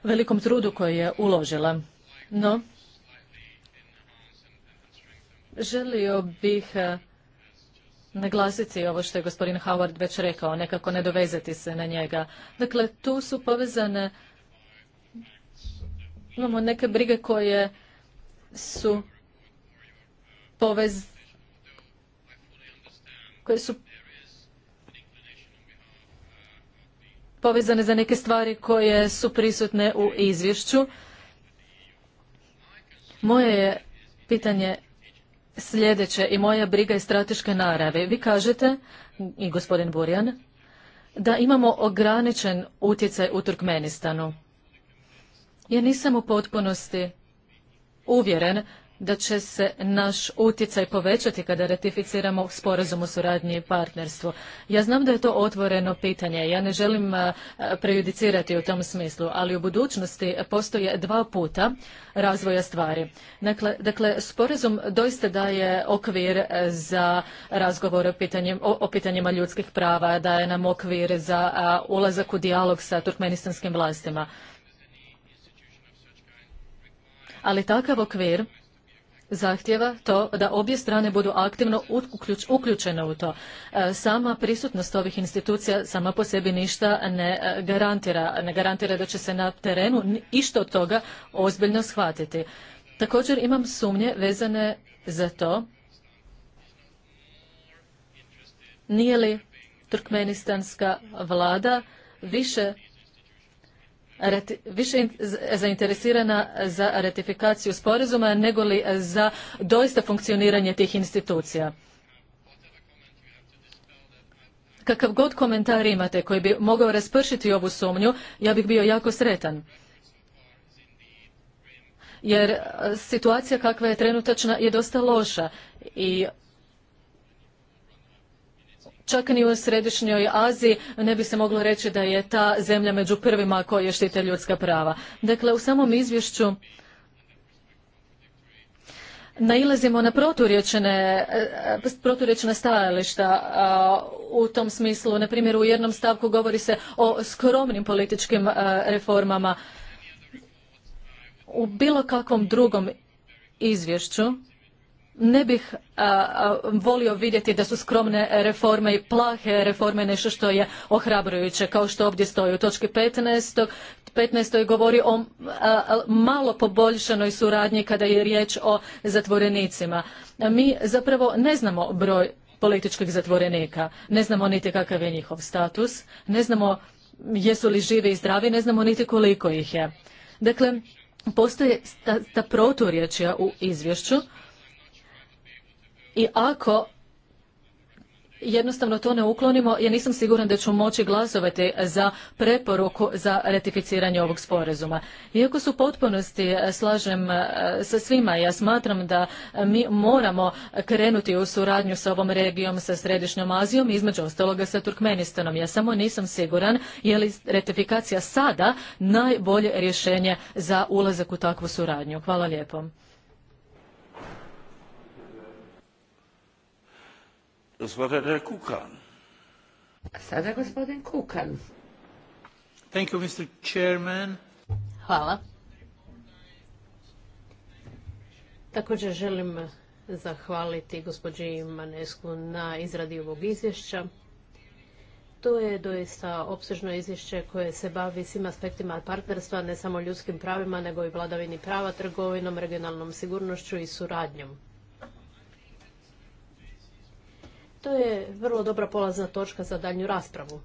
[SPEAKER 2] velikom trudu koji je uložila. No, želio bih eh, naglasiti ovo što je gospodin Howard već rekao, nekako ne dovezati se na njega. Dakle, tu su povezane, imamo neke brige koje su povez koje su povezane za neke stvari koje su prisutne u izvješću. Moje je pitanje sljedeće i moja briga je strateške narave. Vi kažete, i gospodin Burjan, da imamo ograničen utjecaj u Turkmenistanu. Ja nisam u potpunosti uvjeren da će se naš utjecaj povećati kada ratificiramo sporazum o suradnji i partnerstvu. Ja znam da je to otvoreno pitanje, ja ne želim eh, prejudicirati u tom smislu, ali u budućnosti postoje dva puta razvoja stvari. Dakle, dakle sporazum doista daje okvir eh, za razgovor o, pitanjem, o, pitanjima ljudskih prava, daje nam okvir za eh, ulazak u dijalog sa turkmenistanskim vlastima ali takav okvir zahtjeva to da obje strane budu aktivno uključene u to. E, sama prisutnost ovih institucija sama po sebi ništa ne e, garantira. Ne garantira da će se na terenu išta od toga ozbiljno shvatiti. Također imam sumnje vezane za to nije li turkmenistanska vlada više više zainteresirana za ratifikaciju sporazuma nego li za doista funkcioniranje tih institucija. Kakav god komentar imate koji bi mogao raspršiti ovu sumnju, ja bih bio jako sretan. Jer e, situacija kakva je trenutačna je dosta loša i Čak ni u središnjoj Aziji ne bi se moglo reći da je ta zemlja među prvima koje štite ljudska prava. Dakle, u samom izvješću nailazimo na e, proturječna stajališta u tom smislu. Na primjer, u jednom stavku govori se o skromnim političkim e, reformama. U bilo kakvom drugom izvješću ne bih volio vidjeti da su skromne reforme i plahe reforme nešto što je ohrabrujuće, kao što ovdje stoji u točki 15. 15. govori o malo poboljšanoj suradnji kada je riječ o zatvorenicima. Mi zapravo ne znamo broj političkih zatvorenika, ne znamo niti kakav je njihov status, ne znamo jesu li živi i zdravi, ne znamo niti koliko ih je. Dakle, postoje ta, ta proturječja u izvješću i ako jednostavno to ne uklonimo, ja nisam siguran da ću moći glasovati za preporuku za ratificiranje ovog sporazuma. Iako su u potpunosti e, slažem e, sa svima, ja smatram da e, mi moramo krenuti u suradnju sa ovom regijom, sa Središnjom Azijom, između ostaloga sa Turkmenistanom. Ja samo nisam siguran je li ratifikacija sada najbolje rješenje za ulazak u takvu suradnju. Hvala lijepo.
[SPEAKER 3] Gospodin Kukan.
[SPEAKER 1] Sada gospodin
[SPEAKER 3] Kukan. Thank you, Mr. Chairman. Hvala.
[SPEAKER 4] Također želim zahvaliti gospođi Manesku na izradi ovog izvješća. To je doista opsežno izvješće koje se bavi svim aspektima partnerstva, ne samo ljudskim pravima, nego i vladavini prava, trgovinom, regionalnom sigurnošću i suradnjom. to je vrlo dobra polazna točka za daljnju raspravu.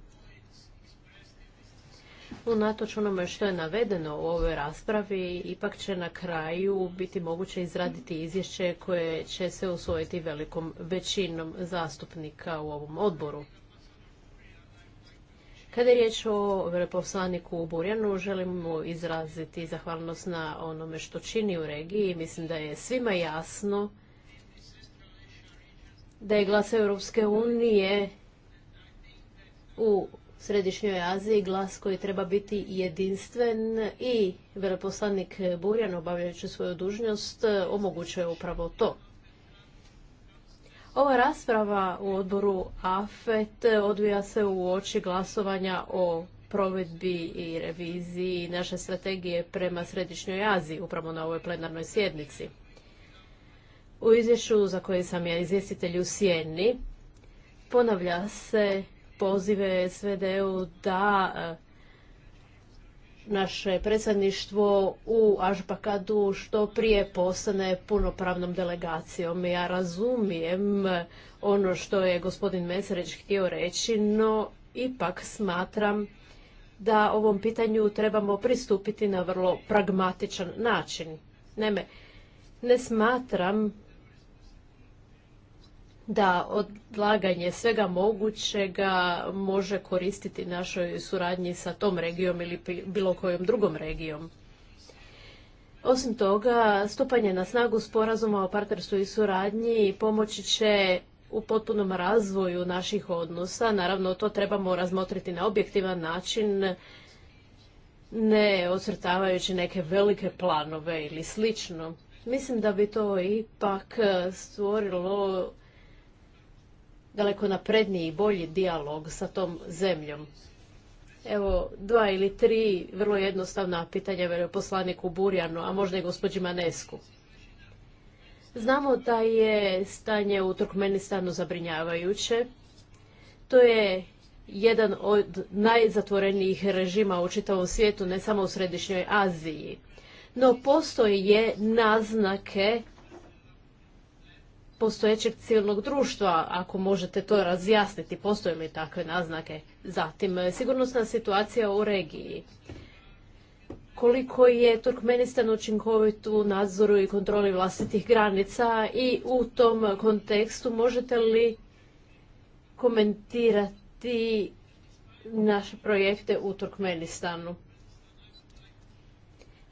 [SPEAKER 4] Unatoč onome što je navedeno u ovoj raspravi, ipak će na kraju biti moguće izraditi izvješće koje će se usvojiti velikom većinom zastupnika u ovom odboru. Kada je riječ o veleposlaniku u Burjanu, želim mu izraziti zahvalnost na onome što čini u regiji. Mislim da je svima jasno da je glas Europske unije u Središnjoj Aziji glas koji treba biti jedinstven i veleposlanik Burjan obavljajući svoju dužnost omogućuje upravo to. Ova rasprava u odboru AFET odvija se u oči glasovanja o provedbi i reviziji naše strategije prema Središnjoj Aziji, upravo na ovoj plenarnoj sjednici. U izvješću za koje sam ja izvjestitelj u Sjeni ponavlja se pozive SVD-u da e, naše predsjedništvo u Ažbakadu što prije postane punopravnom delegacijom. Ja razumijem e, ono što je gospodin Mesereć htio reći, no ipak smatram da ovom pitanju trebamo pristupiti na vrlo pragmatičan način. Naime, ne smatram da odlaganje svega mogućega može koristiti našoj suradnji sa tom regijom ili bilo kojom drugom regijom. Osim toga, stupanje na snagu sporazuma o partnerstvu i suradnji pomoći će u potpunom razvoju naših odnosa. Naravno, to trebamo razmotriti na objektivan način, ne ocrtavajući neke velike planove ili slično. Mislim da bi to ipak stvorilo daleko napredniji i bolji dijalog sa tom zemljom? Evo, dva ili tri vrlo jednostavna pitanja poslaniku Burjanu, a možda i gospođi Manesku. Znamo da je stanje u Turkmenistanu zabrinjavajuće. To je jedan od najzatvorenijih režima u čitavom svijetu, ne samo u Središnjoj Aziji. No postoje naznake postojećeg civilnog društva, ako možete to razjasniti, postoje li takve naznake. Zatim, e, sigurnosna situacija u regiji. Koliko je Turkmenistan učinkovit u nadzoru i kontroli vlastitih granica i u tom kontekstu možete li komentirati naše projekte u Turkmenistanu?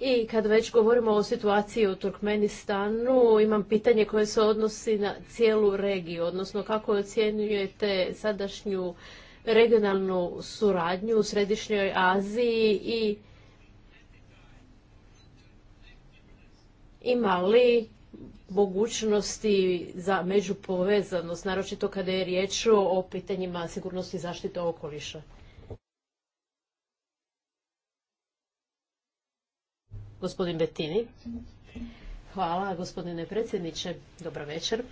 [SPEAKER 4] I kad već govorimo o situaciji u Turkmenistanu, imam pitanje koje se odnosi na cijelu regiju, odnosno kako ocjenjujete sadašnju regionalnu suradnju u Središnjoj Aziji i ima li mogućnosti za međupovezanost, naročito kada je riječ o pitanjima sigurnosti i zaštite okoliša? Gospodin Bettini. Hvala, gospodine predsjedniče. Dobar večer.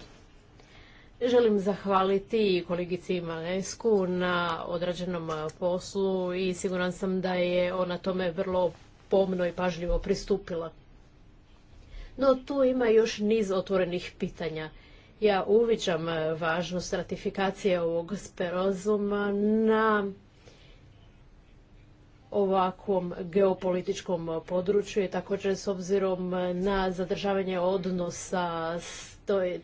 [SPEAKER 4] Želim zahvaliti kolegici Malesku na odrađenom poslu i siguran sam da je ona tome vrlo pomno i pažljivo pristupila. No tu ima još niz otvorenih pitanja. Ja uviđam važnost ratifikacije ovog sperozuma na ovakvom geopolitičkom području i također s obzirom na zadržavanje odnosa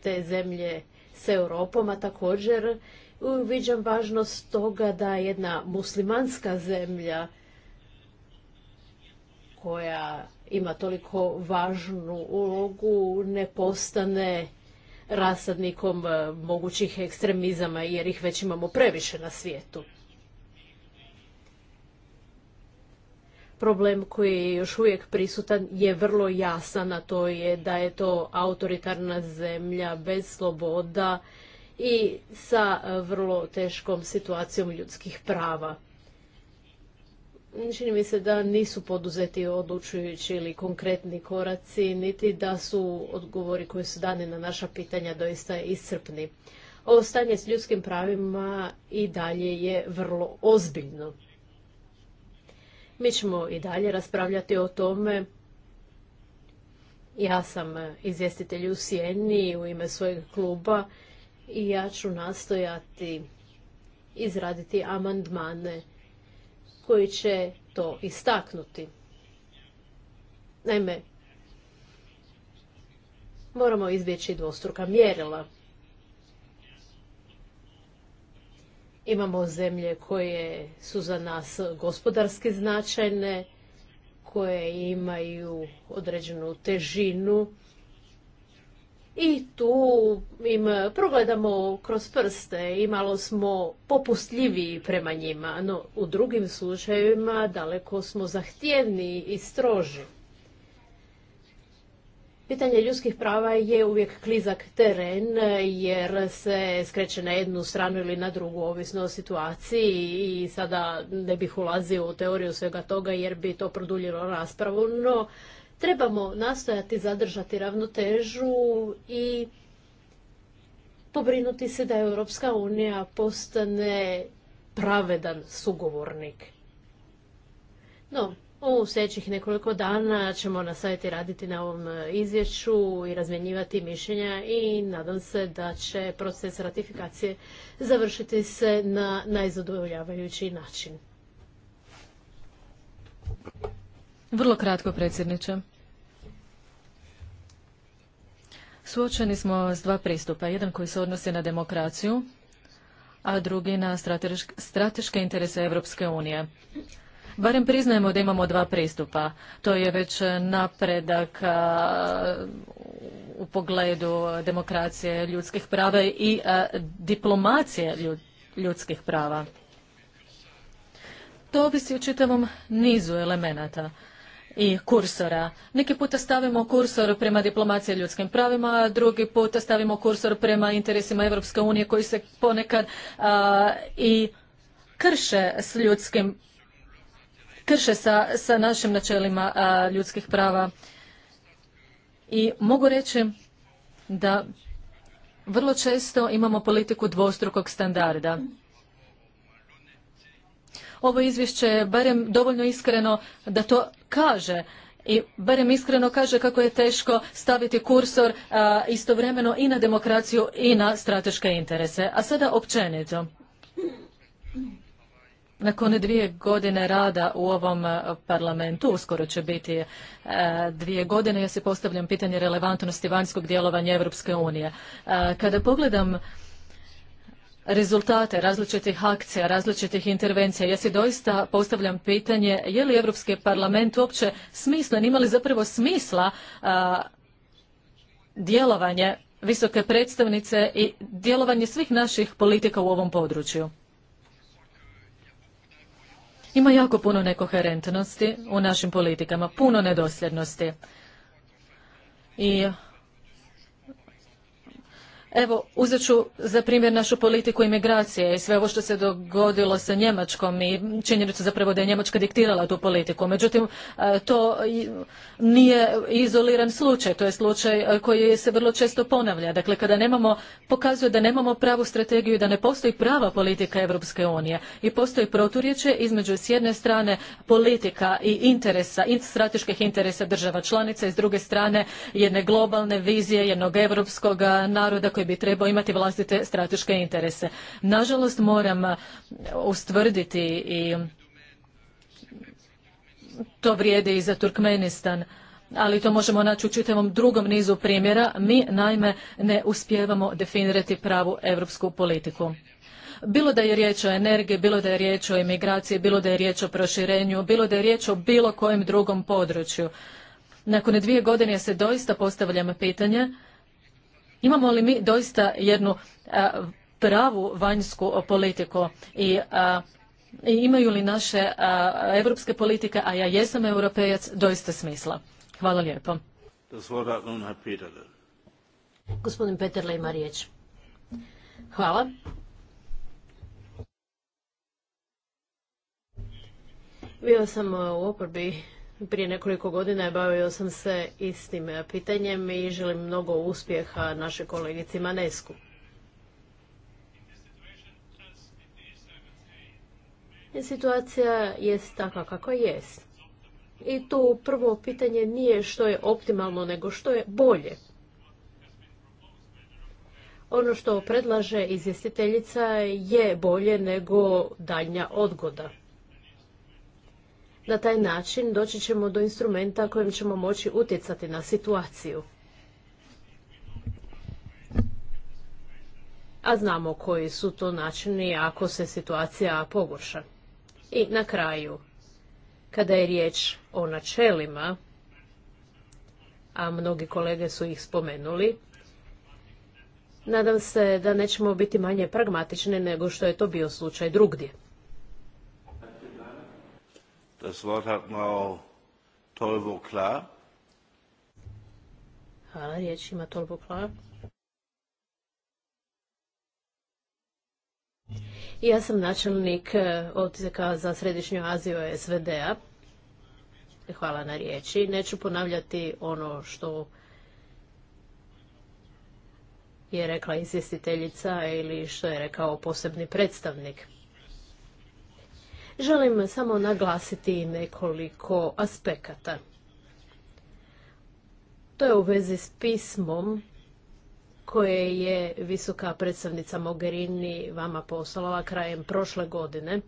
[SPEAKER 4] te zemlje s Europom, a također uviđam važnost toga da jedna muslimanska zemlja koja ima toliko važnu ulogu ne postane rasadnikom mogućih ekstremizama jer ih već imamo previše na svijetu. problem koji je još uvijek prisutan je vrlo jasan, a to je da je to autoritarna zemlja bez sloboda i sa vrlo teškom situacijom ljudskih prava. Čini mi se da nisu poduzeti odlučujući ili konkretni koraci, niti da su odgovori koji su dani na naša pitanja doista iscrpni. Ovo stanje s ljudskim pravima i dalje je vrlo ozbiljno. Mi ćemo i dalje raspravljati o tome. Ja sam izvjestitelj u Sjeni u ime svojeg kluba i ja ću nastojati izraditi amandmane koji će to istaknuti. Naime, moramo izbjeći dvostruka mjerila. Imamo zemlje koje su za nas gospodarski značajne, koje imaju određenu težinu i tu im progledamo kroz prste i malo smo popustljiviji prema njima, no u drugim slučajevima daleko smo zahtjevniji i stroži. Pitanje ljudskih prava je uvijek klizak teren jer se skreće na jednu stranu ili na drugu ovisno o situaciji i sada ne bih ulazio u teoriju svega toga jer bi to produljilo raspravu, no trebamo nastojati zadržati ravnotežu i pobrinuti se da Europska unija postane pravedan sugovornik. No, u sljedećih nekoliko dana ćemo nastaviti raditi na ovom e, izvješću i razmjenjivati mišljenja i nadam se da će proces ratifikacije završiti se na najzadovoljavajući način.
[SPEAKER 2] Vrlo kratko, predsjedniče. Suočeni smo s dva pristupa. Jedan koji se odnosi na demokraciju, a drugi na strateške interese Europske unije barem priznajemo da imamo dva pristupa. To je već napredak u pogledu demokracije ljudskih prava i diplomacije ljudskih prava. To ovisi u čitavom nizu elemenata i kursora. Neki puta stavimo kursor prema diplomaciji ljudskim pravima, drugi puta stavimo kursor prema interesima Europske unije koji se ponekad i krše s ljudskim krše sa, sa našim načelima ljudskih prava. I mogu reći da vrlo često imamo politiku dvostrukog standarda. Ovo izvješće je barem dovoljno iskreno da to kaže i barem iskreno kaže kako je teško staviti kursor istovremeno i na demokraciju i na strateške interese. A sada općenito nakon dvije godine rada u ovom e, parlamentu, uskoro će biti e, dvije godine, ja se postavljam pitanje relevantnosti vanjskog djelovanja Europske unije. E, kada pogledam rezultate različitih akcija, različitih intervencija, ja si doista postavljam pitanje je li Europski parlament uopće smislen, ima li zapravo smisla djelovanje visoke predstavnice i djelovanje svih naših politika u ovom području. Ima jako puno nekoherentnosti u našim politikama, puno nedosljednosti. I Evo, uzet ću za primjer našu politiku imigracije i sve ovo što se dogodilo sa Njemačkom i činjenicu zapravo da je Njemačka diktirala tu politiku. Međutim, e, to nije izoliran slučaj, to je slučaj e, koji se vrlo često ponavlja. Dakle, kada nemamo, pokazuje da nemamo pravu strategiju i da ne postoji prava politika Evropske unije i postoji proturječe između s jedne strane politika i interesa, strateških interesa država članica i s druge strane jedne globalne vizije jednog europskog e, naroda koji bi trebao imati vlastite strateške interese. Nažalost, moram e, ustvrditi i to vrijedi i za Turkmenistan ali to možemo naći u čitavom drugom nizu primjera. Mi naime ne uspijevamo definirati pravu europsku politiku. Bilo da je riječ o energiji, bilo da je riječ o imigraciji, bilo da je riječ o proširenju, bilo da je riječ o bilo kojem drugom području. Nakon dvije godine se doista postavljamo pitanje Imamo li mi doista jednu pravu vanjsku politiku i imaju li naše europske politike, a ja jesam europejac, doista smisla? Hvala lijepo. Gospodin Peter ima riječ.
[SPEAKER 4] Hvala. Bio sam u oporbi prije nekoliko godina bavio sam se istim e, pitanjem i želim mnogo uspjeha našoj kolegici Manesku. E, situacija jest takva kako jest. I tu prvo pitanje nije što je optimalno, nego što je bolje. Ono što predlaže izvjestiteljica je bolje nego daljnja odgoda. Na taj način doći ćemo do instrumenta kojim ćemo moći utjecati na situaciju. A znamo koji su to načini ako se situacija pogorša. I na kraju, kada je riječ o načelima, a mnogi kolege su ih spomenuli, nadam se da nećemo biti manje pragmatični nego što je to bio slučaj drugdje.
[SPEAKER 3] Das Wort hat Hvala,
[SPEAKER 4] Ja sam načelnik e, odseka za Središnju Aziju SVD-a. Hvala na riječi. Neću ponavljati ono što je rekla izvjestiteljica ili što je rekao posebni predstavnik. Želim samo naglasiti nekoliko aspekata. To je u vezi s pismom koje je visoka predstavnica Mogherini vama poslala krajem prošle godine,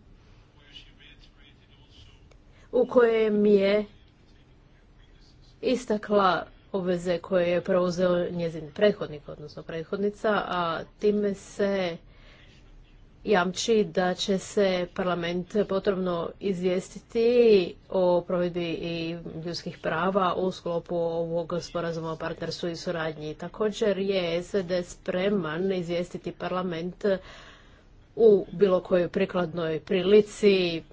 [SPEAKER 4] u kojem je istakla obveze koje je preuzeo njezin prethodnik, odnosno prethodnica, a time se jamči da će se parlament potrebno izvijestiti o provedbi i ljudskih prava u sklopu ovog sporazuma o partnerstvu i suradnji. Također je SED spreman izvijestiti parlament u bilo kojoj prikladnoj prilici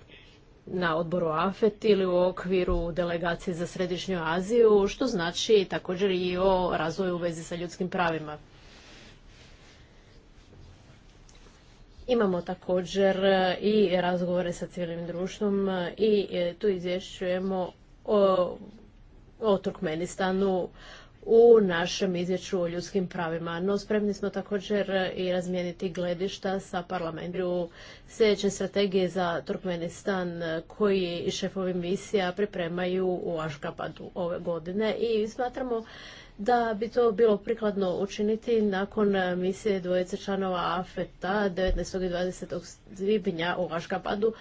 [SPEAKER 4] na odboru AFET ili u okviru delegacije za Središnju Aziju, što znači također i o razvoju u vezi sa ljudskim pravima. Imamo također e, i razgovore sa civilnim društvom e, i e, tu izvješćujemo o, o Turkmenistanu u našem izvješću o ljudskim pravima. No spremni smo također i razmijeniti gledišta sa parlamentu sljedeće strategije za Turkmenistan koji šefovi misija pripremaju u Aškapadu ove godine i smatramo da bi to bilo prikladno učiniti nakon e, misije dvojice članova AFETA 19. i 20. svibnja u Aškabadu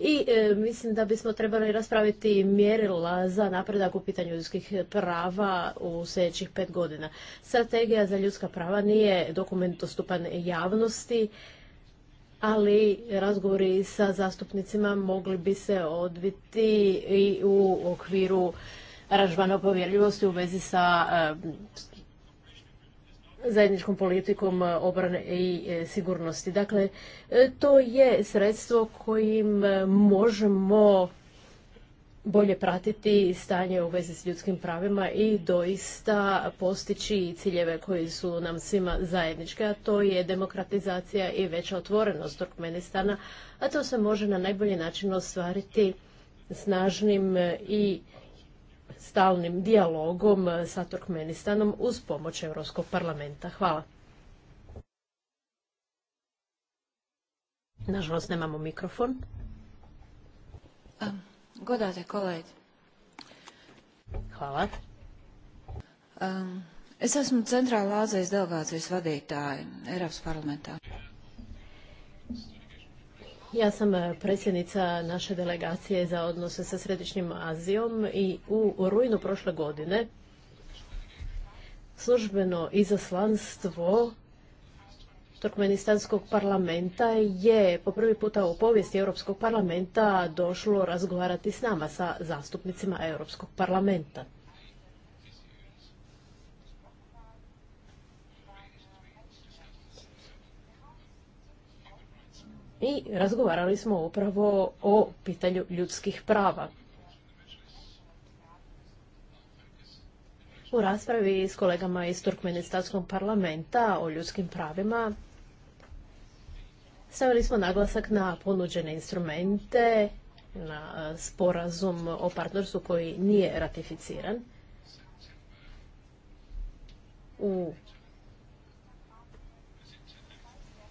[SPEAKER 4] i e, mislim da bismo trebali raspraviti mjerila za napredak u pitanju ljudskih prava u sljedećih pet godina. Strategija za ljudska prava nije dokument dostupan javnosti, ali razgovori sa zastupnicima mogli bi se odviti i u okviru aranžmana povjerljivosti u vezi sa eh, zajedničkom politikom eh, obrane i eh, sigurnosti. Dakle, to je sredstvo kojim možemo bolje pratiti stanje u vezi s ljudskim pravima i doista postići ciljeve koji su nam svima zajedničke, a to je demokratizacija i veća otvorenost Turkmenistana, a to se može na najbolji način ostvariti snažnim i stalnim dijalogom sa Turkmenistanom uz pomoć Europskog parlamenta. Hvala. Nažalost, nemamo mikrofon.
[SPEAKER 1] Um, godate, kolaj.
[SPEAKER 2] Hvala. Um, es esmu za Āzijas delegācijas vadītāja
[SPEAKER 4] parlamenta. Ja sam e, predsjednica naše delegacije za odnose sa Središnjim Azijom i u rujnu prošle godine službeno izaslanstvo Turkmenistanskog parlamenta je po prvi puta u povijesti Europskog parlamenta došlo razgovarati s nama, sa zastupnicima Europskog parlamenta. i razgovarali smo upravo o pitanju ljudskih prava. U raspravi s kolegama iz Turkmenistanskog parlamenta o ljudskim pravima stavili smo naglasak na ponuđene instrumente, na sporazum o partnerstvu koji nije ratificiran. U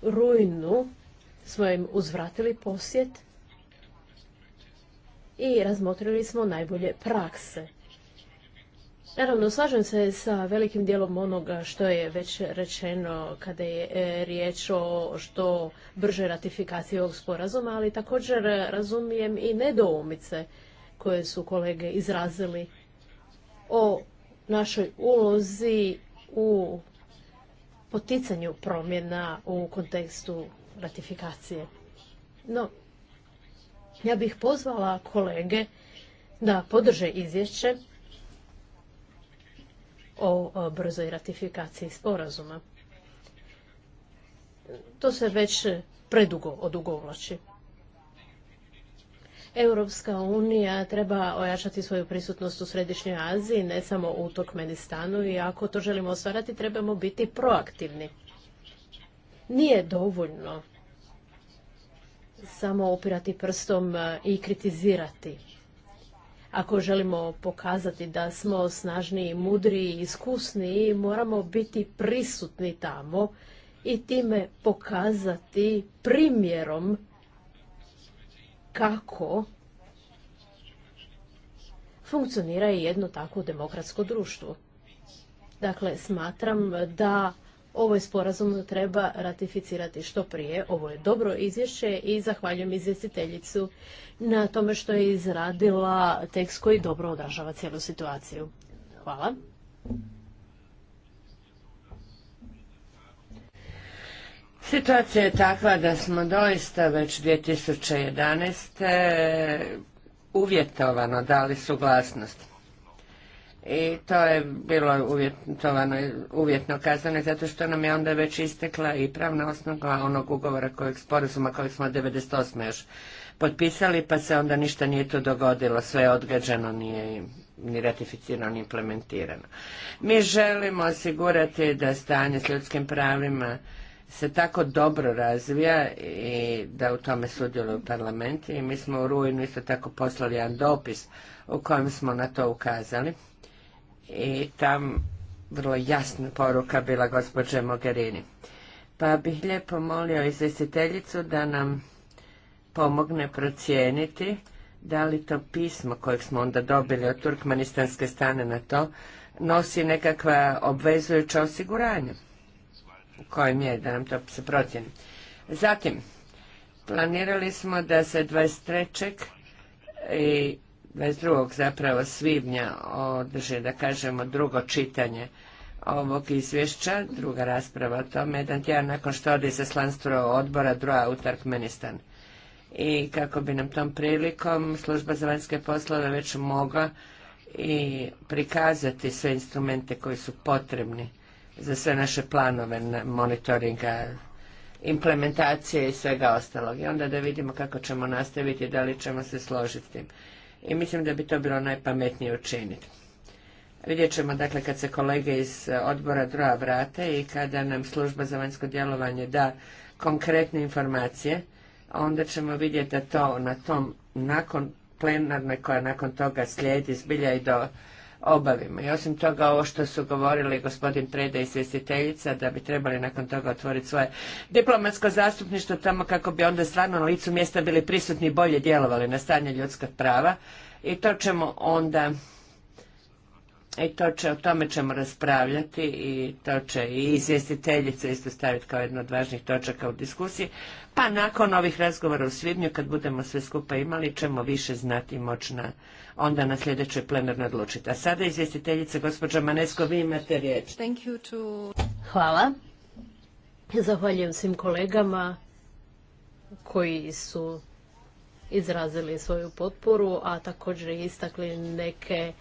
[SPEAKER 4] rujnu smo im uzvratili posjet i razmotrili smo najbolje prakse. Naravno, slažem se sa velikim dijelom onoga što je već rečeno kada je e, riječ o što brže ratifikaciji ovog sporazuma, ali također razumijem i nedoumice koje su kolege izrazili o našoj ulozi u poticanju promjena u kontekstu ratifikacije. No, ja bih pozvala kolege da podrže izvješće o brzoj ratifikaciji sporazuma. To se već predugo odugovlači. Europska unija treba ojačati svoju prisutnost u Središnjoj Aziji, ne samo u Turkmenistanu i ako to želimo ostvarati trebamo biti proaktivni. Nije dovoljno samo opirati prstom e, i kritizirati. Ako želimo pokazati da smo snažniji, mudri i iskusni, moramo biti prisutni tamo i time pokazati primjerom kako funkcionira jedno takvo demokratsko društvo. Dakle, smatram da Ovaj sporazum treba ratificirati što prije. Ovo je dobro izvješće i zahvaljujem izvjestiteljicu na tome što je izradila tekst koji dobro odražava cijelu situaciju. Hvala.
[SPEAKER 1] Situacija je takva da smo doista već 2011. E, uvjetovano dali suglasnost i to je bilo uvjetovano, uvjetno kazano zato što nam je onda već istekla i pravna osnova onog ugovora kojeg sporazuma kojeg smo 98. još potpisali pa se onda ništa nije to dogodilo, sve je odgađano, nije ni ratificirano, ni implementirano. Mi želimo osigurati da stanje s ljudskim pravima se tako dobro razvija i da u tome sudjeluju parlamenti i mi smo u rujnu isto tako poslali jedan dopis u kojem smo na to ukazali i tam vrlo jasna poruka bila gospođe Mogherini. Pa bih lijepo molio izvjestiteljicu da nam pomogne procijeniti da li to pismo kojeg smo onda dobili od turkmanistanske stane na to nosi nekakva obvezujuća osiguranja u kojem je da nam to se procjeni. Zatim, planirali smo da se 23. i 22. zapravo svibnja održe, da kažemo, drugo čitanje ovog izvješća, druga rasprava o tome, jedan tjedan nakon što ode izaslanstvo odbora druga u Turkmenistan. I kako bi nam tom prilikom služba za vanjske poslove već mogla i prikazati sve instrumente koji su potrebni za sve naše planove monitoringa, implementacije i svega ostalog. I onda da vidimo kako ćemo nastaviti, da li ćemo se složiti s tim i mislim da bi to bilo najpametnije učiniti. Vidjet ćemo dakle kad se kolege iz e, odbora druga vrate i kada nam služba za vanjsko djelovanje da konkretne informacije, onda ćemo vidjeti da to na tom nakon plenarne koja nakon toga slijedi zbilja i do obavimo. I osim toga ovo što su govorili gospodin Preda i svjestiteljica da bi trebali nakon toga otvoriti svoje diplomatsko zastupništvo tamo kako bi onda stvarno na licu mjesta bili prisutni i bolje djelovali na stanje ljudska prava i to ćemo onda i e, to će, o tome ćemo raspravljati i to će i izvjestiteljica isto staviti kao jednu od važnih točaka u diskusiji. Pa nakon ovih razgovora u svibnju, kad budemo sve skupa imali, ćemo više znati i onda na sljedećoj plenarno odlučiti. A sada izvjestiteljice, gospođa Manesko, vi imate riječ.
[SPEAKER 4] Hvala. Zahvaljujem svim kolegama koji su izrazili svoju potporu, a također istakli neke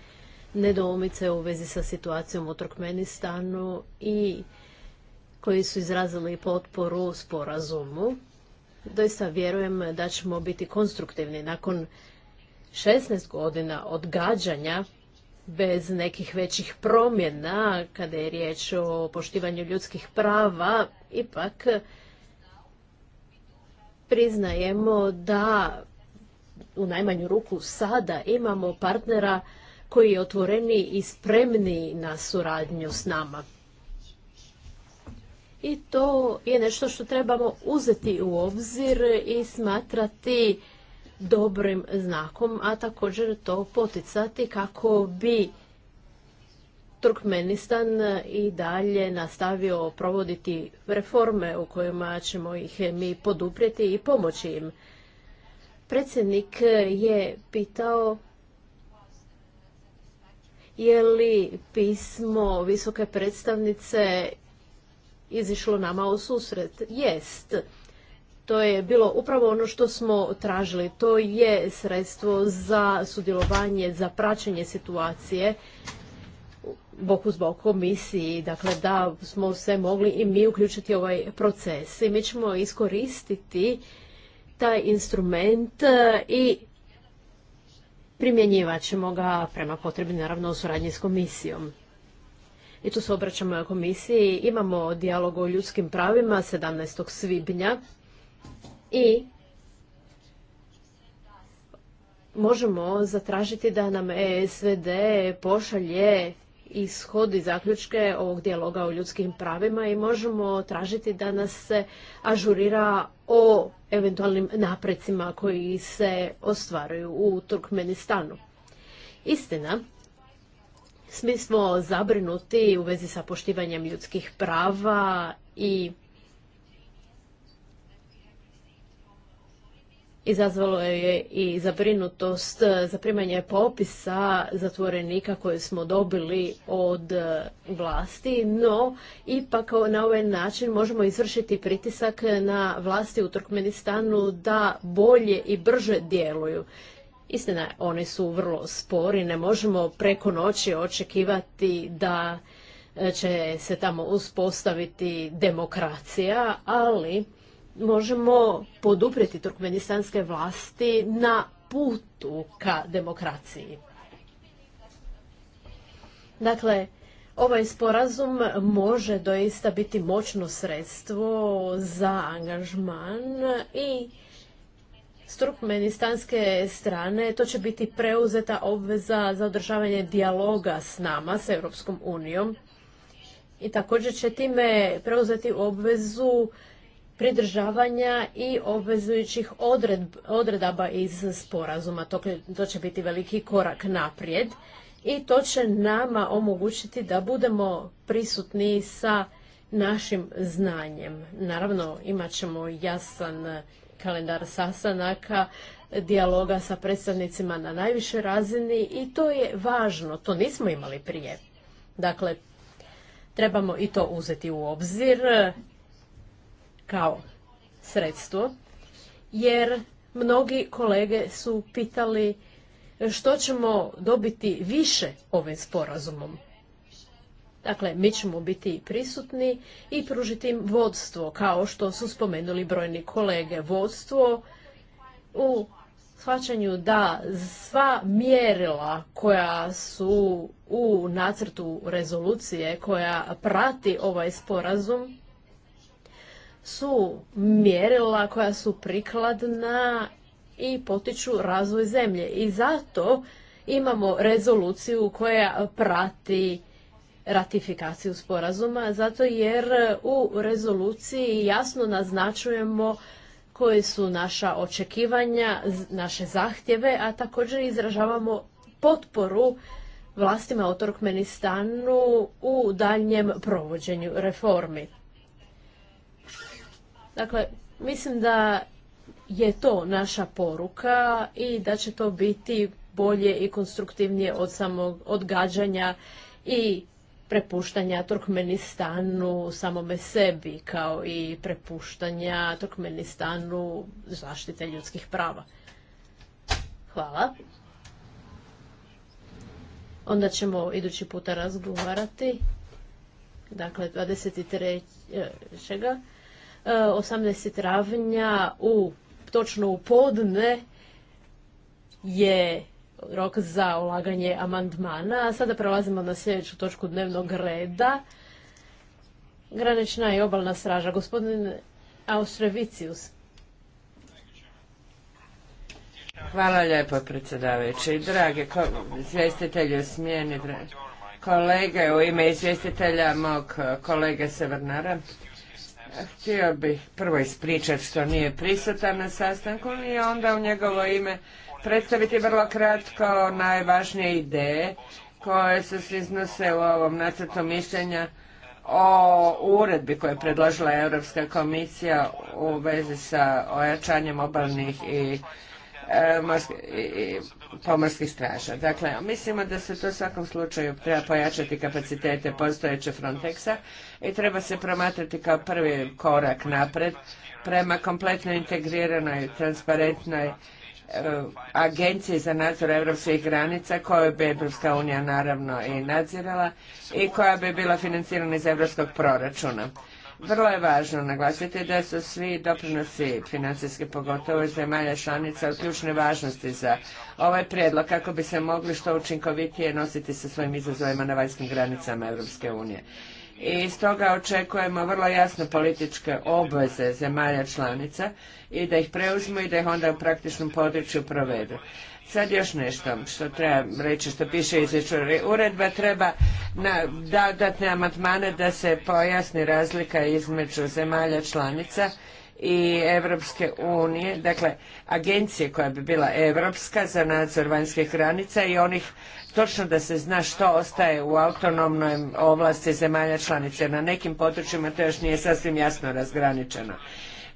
[SPEAKER 4] nedoumice u vezi sa situacijom u Turkmenistanu i koji su izrazili potporu sporazumu. Doista vjerujem da ćemo biti konstruktivni nakon 16 godina odgađanja bez nekih većih promjena kada je riječ o poštivanju ljudskih prava, ipak priznajemo da u najmanju ruku sada imamo partnera koji je otvoreni i spremni na suradnju s nama. I to je nešto što trebamo uzeti u obzir i smatrati dobrim znakom, a također to poticati kako bi Turkmenistan i dalje nastavio provoditi reforme u kojima ćemo ih mi poduprijeti i pomoći im. Predsjednik je pitao je li pismo visoke predstavnice izišlo nama u susret? Jest. To je bilo upravo ono što smo tražili. To je sredstvo za sudjelovanje, za praćenje situacije bok uz bok komisiji, dakle da smo se mogli i mi uključiti u ovaj proces i mi ćemo iskoristiti taj instrument i primjenjivat ćemo ga prema potrebi, naravno, u suradnji s komisijom. I tu se obraćamo komisiji. Imamo dijalog o ljudskim pravima 17. svibnja i možemo zatražiti da nam ESVD pošalje ishod i zaključke ovog dijaloga o ljudskim pravima i možemo tražiti da nas se ažurira o eventualnim naprecima koji se ostvaruju u Turkmenistanu. Istina, mi smo zabrinuti u vezi sa poštivanjem ljudskih prava i Izazvalo je i zabrinutost e, za primanje popisa zatvorenika koje smo dobili od e, vlasti, no ipak na ovaj način možemo izvršiti pritisak na vlasti u Turkmenistanu da bolje i brže djeluju. Istina, oni su vrlo spori, ne možemo preko noći očekivati da e, će se tamo uspostaviti demokracija, ali možemo poduprijeti turkmenistanske vlasti na putu ka demokraciji. Dakle, ovaj sporazum može doista biti moćno sredstvo za angažman i s turkmenistanske strane to će biti preuzeta obveza za održavanje dijaloga s nama, s Europskom unijom. I također će time preuzeti obvezu pridržavanja i obvezujućih odredaba iz sporazuma. To, to će biti veliki korak naprijed i to će nama omogućiti da budemo prisutni sa našim znanjem. Naravno, imat ćemo jasan kalendar sastanaka, dijaloga sa predstavnicima na najvišoj razini i to je važno. To nismo imali prije. Dakle, trebamo i to uzeti u obzir kao sredstvo, jer mnogi kolege su pitali što ćemo dobiti više ovim sporazumom. Dakle, mi ćemo biti prisutni i pružiti im vodstvo, kao što su spomenuli brojni kolege. Vodstvo u shvaćanju da sva mjerila koja su u nacrtu rezolucije koja prati ovaj sporazum su mjerila koja su prikladna i potiču razvoj zemlje. I zato imamo rezoluciju koja prati ratifikaciju sporazuma, zato jer u rezoluciji jasno naznačujemo koje su naša očekivanja, naše zahtjeve, a također izražavamo potporu vlastima u Turkmenistanu u daljnjem provođenju reformi. Dakle, mislim da je to naša poruka i da će to biti bolje i konstruktivnije od samog odgađanja i prepuštanja Turkmenistanu samome sebi kao i prepuštanja Turkmenistanu zaštite ljudskih prava. Hvala. Onda ćemo idući puta razgovarati. Dakle, 23. 18. E, travnja u točno u podne je rok za ulaganje amandmana. A sada prelazimo na sljedeću točku dnevnog reda. Granična i obalna straža. Gospodin Austrevicius.
[SPEAKER 1] Hvala lijepo, predsjedavajući. Drage izvjestitelju smjeni, kolege, u ime izvjestitelja mog kolege Severnara, Htio bih prvo ispričati što nije prisutan na sastanku i onda u njegovo ime predstaviti vrlo kratko najvažnije ideje koje su se iznose u ovom nacrtu mišljenja o uredbi koju je predložila Europska komisija u vezi sa ojačanjem obalnih i e, pomorskih straža. Dakle, mislimo da se to u svakom slučaju treba pojačati kapacitete postojeće Frontexa i treba se promatrati kao prvi korak napred prema kompletno integriranoj, transparentnoj e, agenciji za nadzor evropskih granica koju bi Evropska unija naravno i nadzirala i koja bi bila financirana iz evropskog proračuna. Vrlo je važno naglasiti da su svi doprinosi financijske pogotovo zemalja članica u ključne važnosti za ovaj prijedlog kako bi se mogli što učinkovitije nositi sa svojim izazovima na vanjskim granicama Europske unije. I stoga očekujemo vrlo jasno političke obveze zemalja članica i da ih preuzmu i da ih onda u praktičnom području provedu. Sad još nešto što treba reći, što piše izreću. Uredba treba na, dodatne amandmane da se pojasni razlika između zemalja članica i Evropske unije, dakle agencije koja bi bila europska za nadzor vanjskih granica i onih točno da se zna što ostaje u autonomnoj ovlasti zemalja članice. Na nekim područjima to još nije sasvim jasno razgraničeno.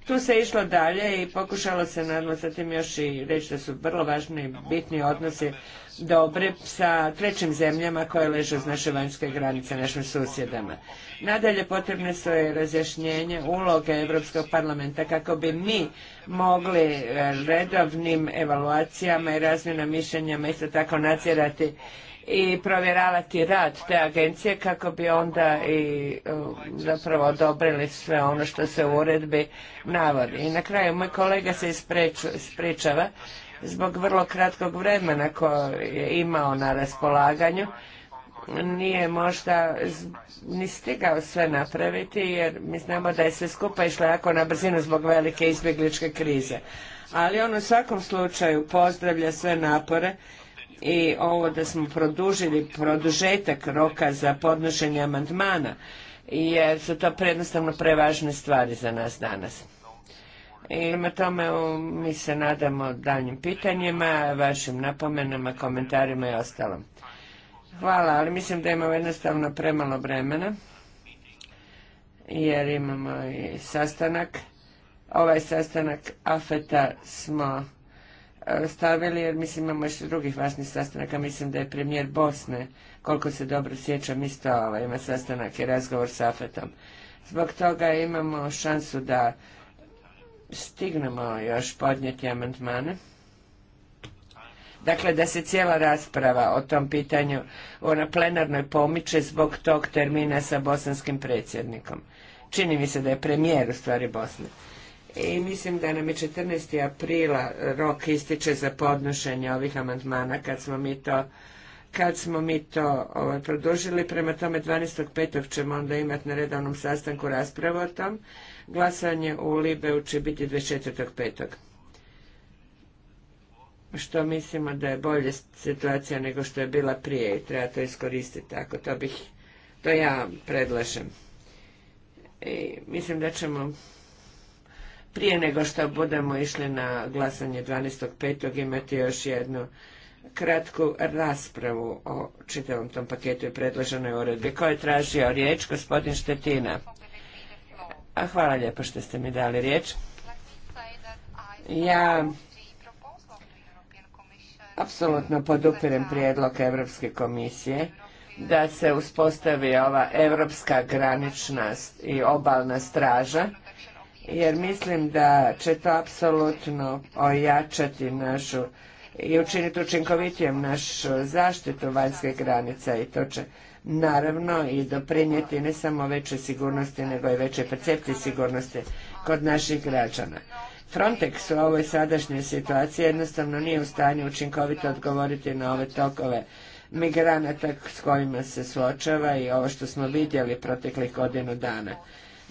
[SPEAKER 1] Tu se išlo dalje i pokušalo se naravno zatim još i reći da su vrlo važni i bitni odnosi dobre sa trećim zemljama koje leže uz naše vanjske granice, našim susjedama. Nadalje potrebne su i razjašnjenje uloge Europskog parlamenta kako bi mi mogli eh, redovnim evaluacijama i razmjenom mišljenjama isto tako nadzirati i provjeravati rad te agencije kako bi onda i e, zapravo odobrili sve ono što se u uredbi navodi. I na kraju moj kolega se ispričava zbog vrlo kratkog vremena koje je imao na raspolaganju nije možda ni stigao sve napraviti jer mi znamo da je sve skupa išlo jako na brzinu zbog velike izbjegličke krize. Ali on u svakom slučaju pozdravlja sve napore i ovo da smo produžili produžetak roka za podnošenje amandmana jer su to prednostavno prevažne stvari za nas danas. Prema tome mi se nadamo daljnjim pitanjima, vašim napomenama, komentarima i ostalom. Hvala, ali mislim da imamo jednostavno premalo vremena jer imamo i sastanak. Ovaj sastanak AFETA smo stavili, jer mislim imamo još drugih važnih sastanaka, mislim da je premijer Bosne, koliko se dobro sjećam, isto ovaj, ima sastanak i razgovor s Afetom. Zbog toga imamo šansu da stignemo još podnijeti amandmane. Dakle, da se cijela rasprava o tom pitanju ona plenarnoj pomiče zbog tog termina sa bosanskim predsjednikom. Čini mi se da je premijer u stvari Bosne i mislim da nam je 14. aprila rok ističe za podnošenje ovih amandmana kad smo mi to kad smo mi to ovaj, produžili, prema tome 12.5. ćemo onda imati na redovnom sastanku raspravu o tom. Glasanje u Libeu će biti 24.5. Što mislimo da je bolje situacija nego što je bila prije i treba to iskoristiti. tako to bih, to ja predlažem. I mislim da ćemo prije nego što budemo išli na glasanje 12.5. imati još jednu kratku raspravu o čitavom tom paketu i predloženoj uredbi. Ko je tražio riječ? Gospodin Štetina. A hvala lijepo što ste mi dali riječ. Ja apsolutno podupirem prijedlog Europske komisije da se uspostavi ova europska granična i obalna straža jer mislim da će to apsolutno ojačati našu i učiniti učinkovitijem našu zaštitu vanjske granica i to će naravno i doprinijeti ne samo većoj sigurnosti nego i većoj percepciji sigurnosti kod naših građana. Frontex u ovoj sadašnjoj situaciji jednostavno nije u stanju učinkovito odgovoriti na ove tokove migranata s kojima se suočava i ovo što smo vidjeli proteklih godinu dana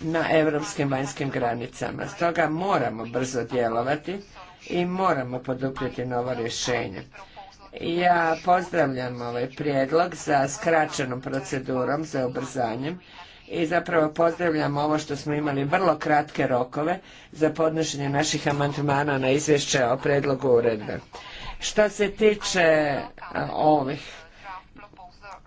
[SPEAKER 1] na europskim vanjskim granicama. Stoga moramo brzo djelovati i moramo poduprijeti novo rješenje. Ja pozdravljam ovaj prijedlog za skraćenom procedurom, za ubrzanjem i zapravo pozdravljam ovo što smo imali vrlo kratke rokove za podnošenje naših amandmana na izvješće o predlogu uredbe. Što se tiče eh, ovih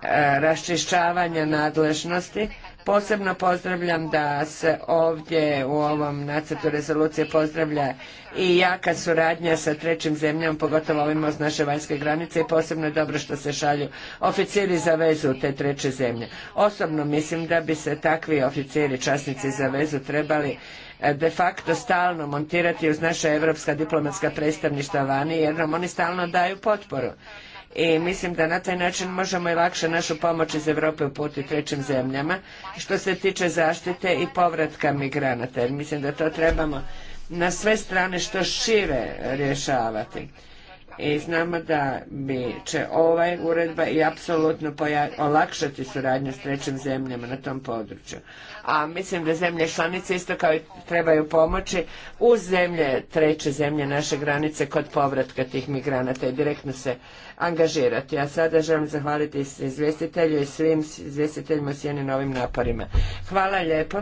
[SPEAKER 1] eh, raščišćavanja nadležnosti, Posebno pozdravljam da se ovdje u ovom nacrtu rezolucije pozdravlja i jaka suradnja sa trećim zemljom, pogotovo ovima uz naše vanjske granice i posebno je dobro što se šalju oficiri za vezu u te treće zemlje. Osobno mislim da bi se takvi oficiri, časnici za vezu trebali eh, de facto stalno montirati uz naše europska diplomatska predstavništva vani jer nam oni stalno daju potporu i mislim da na taj način možemo i lakše našu pomoć iz Europe uputiti trećim zemljama što se tiče zaštite i povratka migranata jer mislim da to trebamo na sve strane što šire rješavati. I znamo da bi će ovaj uredba i apsolutno olakšati suradnju s trećim zemljama na tom području a mislim da zemlje članice isto kao i trebaju pomoći uz zemlje, treće zemlje naše granice kod povratka tih migranata i direktno se angažirati. A sada želim zahvaliti izvjestitelju i svim izvjestiteljima sjeni na ovim naporima. Hvala lijepo.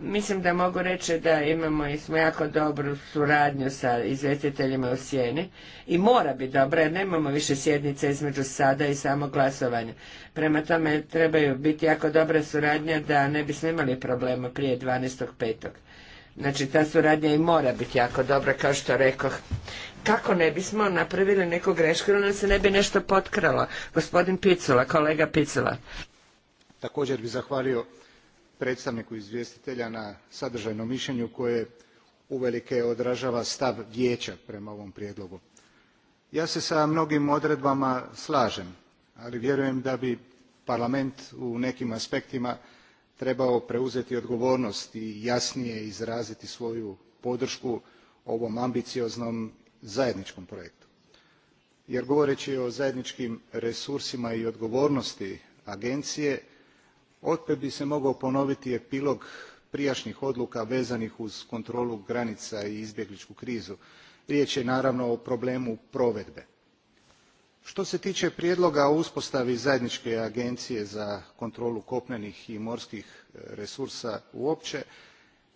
[SPEAKER 1] Mislim da mogu reći da imamo smo jako dobru suradnju sa izvjestiteljima u sjeni i mora biti dobra jer nemamo više sjednice između sada i samog glasovanja. Prema tome trebaju biti jako dobra suradnja da ne bismo imali problema prije 12.5. Znači ta suradnja i mora biti jako dobra kao što rekoh. Kako ne bismo napravili neku grešku ili se ne bi nešto potkralo? Gospodin Picula, kolega Picula.
[SPEAKER 3] Također bi zahvalio predstavniku izvjestitelja na sadržajnom mišljenju koje uvelike odražava stav vijeća prema ovom prijedlogu. Ja se sa mnogim odredbama slažem, ali vjerujem da bi parlament u nekim aspektima trebao preuzeti odgovornost i jasnije izraziti svoju podršku ovom ambicioznom zajedničkom projektu. Jer govoreći o zajedničkim resursima i odgovornosti agencije opet bi se mogao ponoviti epilog prijašnjih odluka vezanih uz kontrolu granica i izbjegličku krizu riječ je naravno o problemu provedbe što se tiče prijedloga o uspostavi zajedničke agencije za kontrolu kopnenih i morskih e, resursa uopće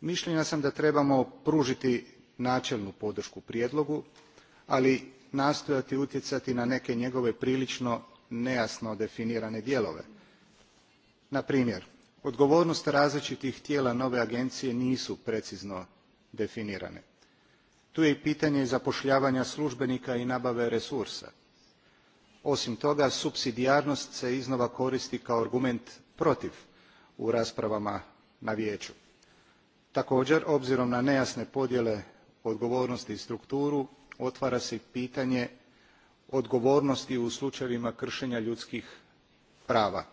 [SPEAKER 3] mišljenja sam da trebamo pružiti načelnu podršku prijedlogu ali nastojati utjecati na neke njegove prilično nejasno definirane dijelove na primjer odgovornost različitih tijela nove agencije nisu precizno definirane tu je i pitanje zapošljavanja službenika i nabave resursa osim toga supsidijarnost se iznova koristi kao argument protiv u raspravama na vijeću također obzirom na nejasne podjele odgovornosti i strukturu otvara se pitanje odgovornosti u slučajevima kršenja ljudskih prava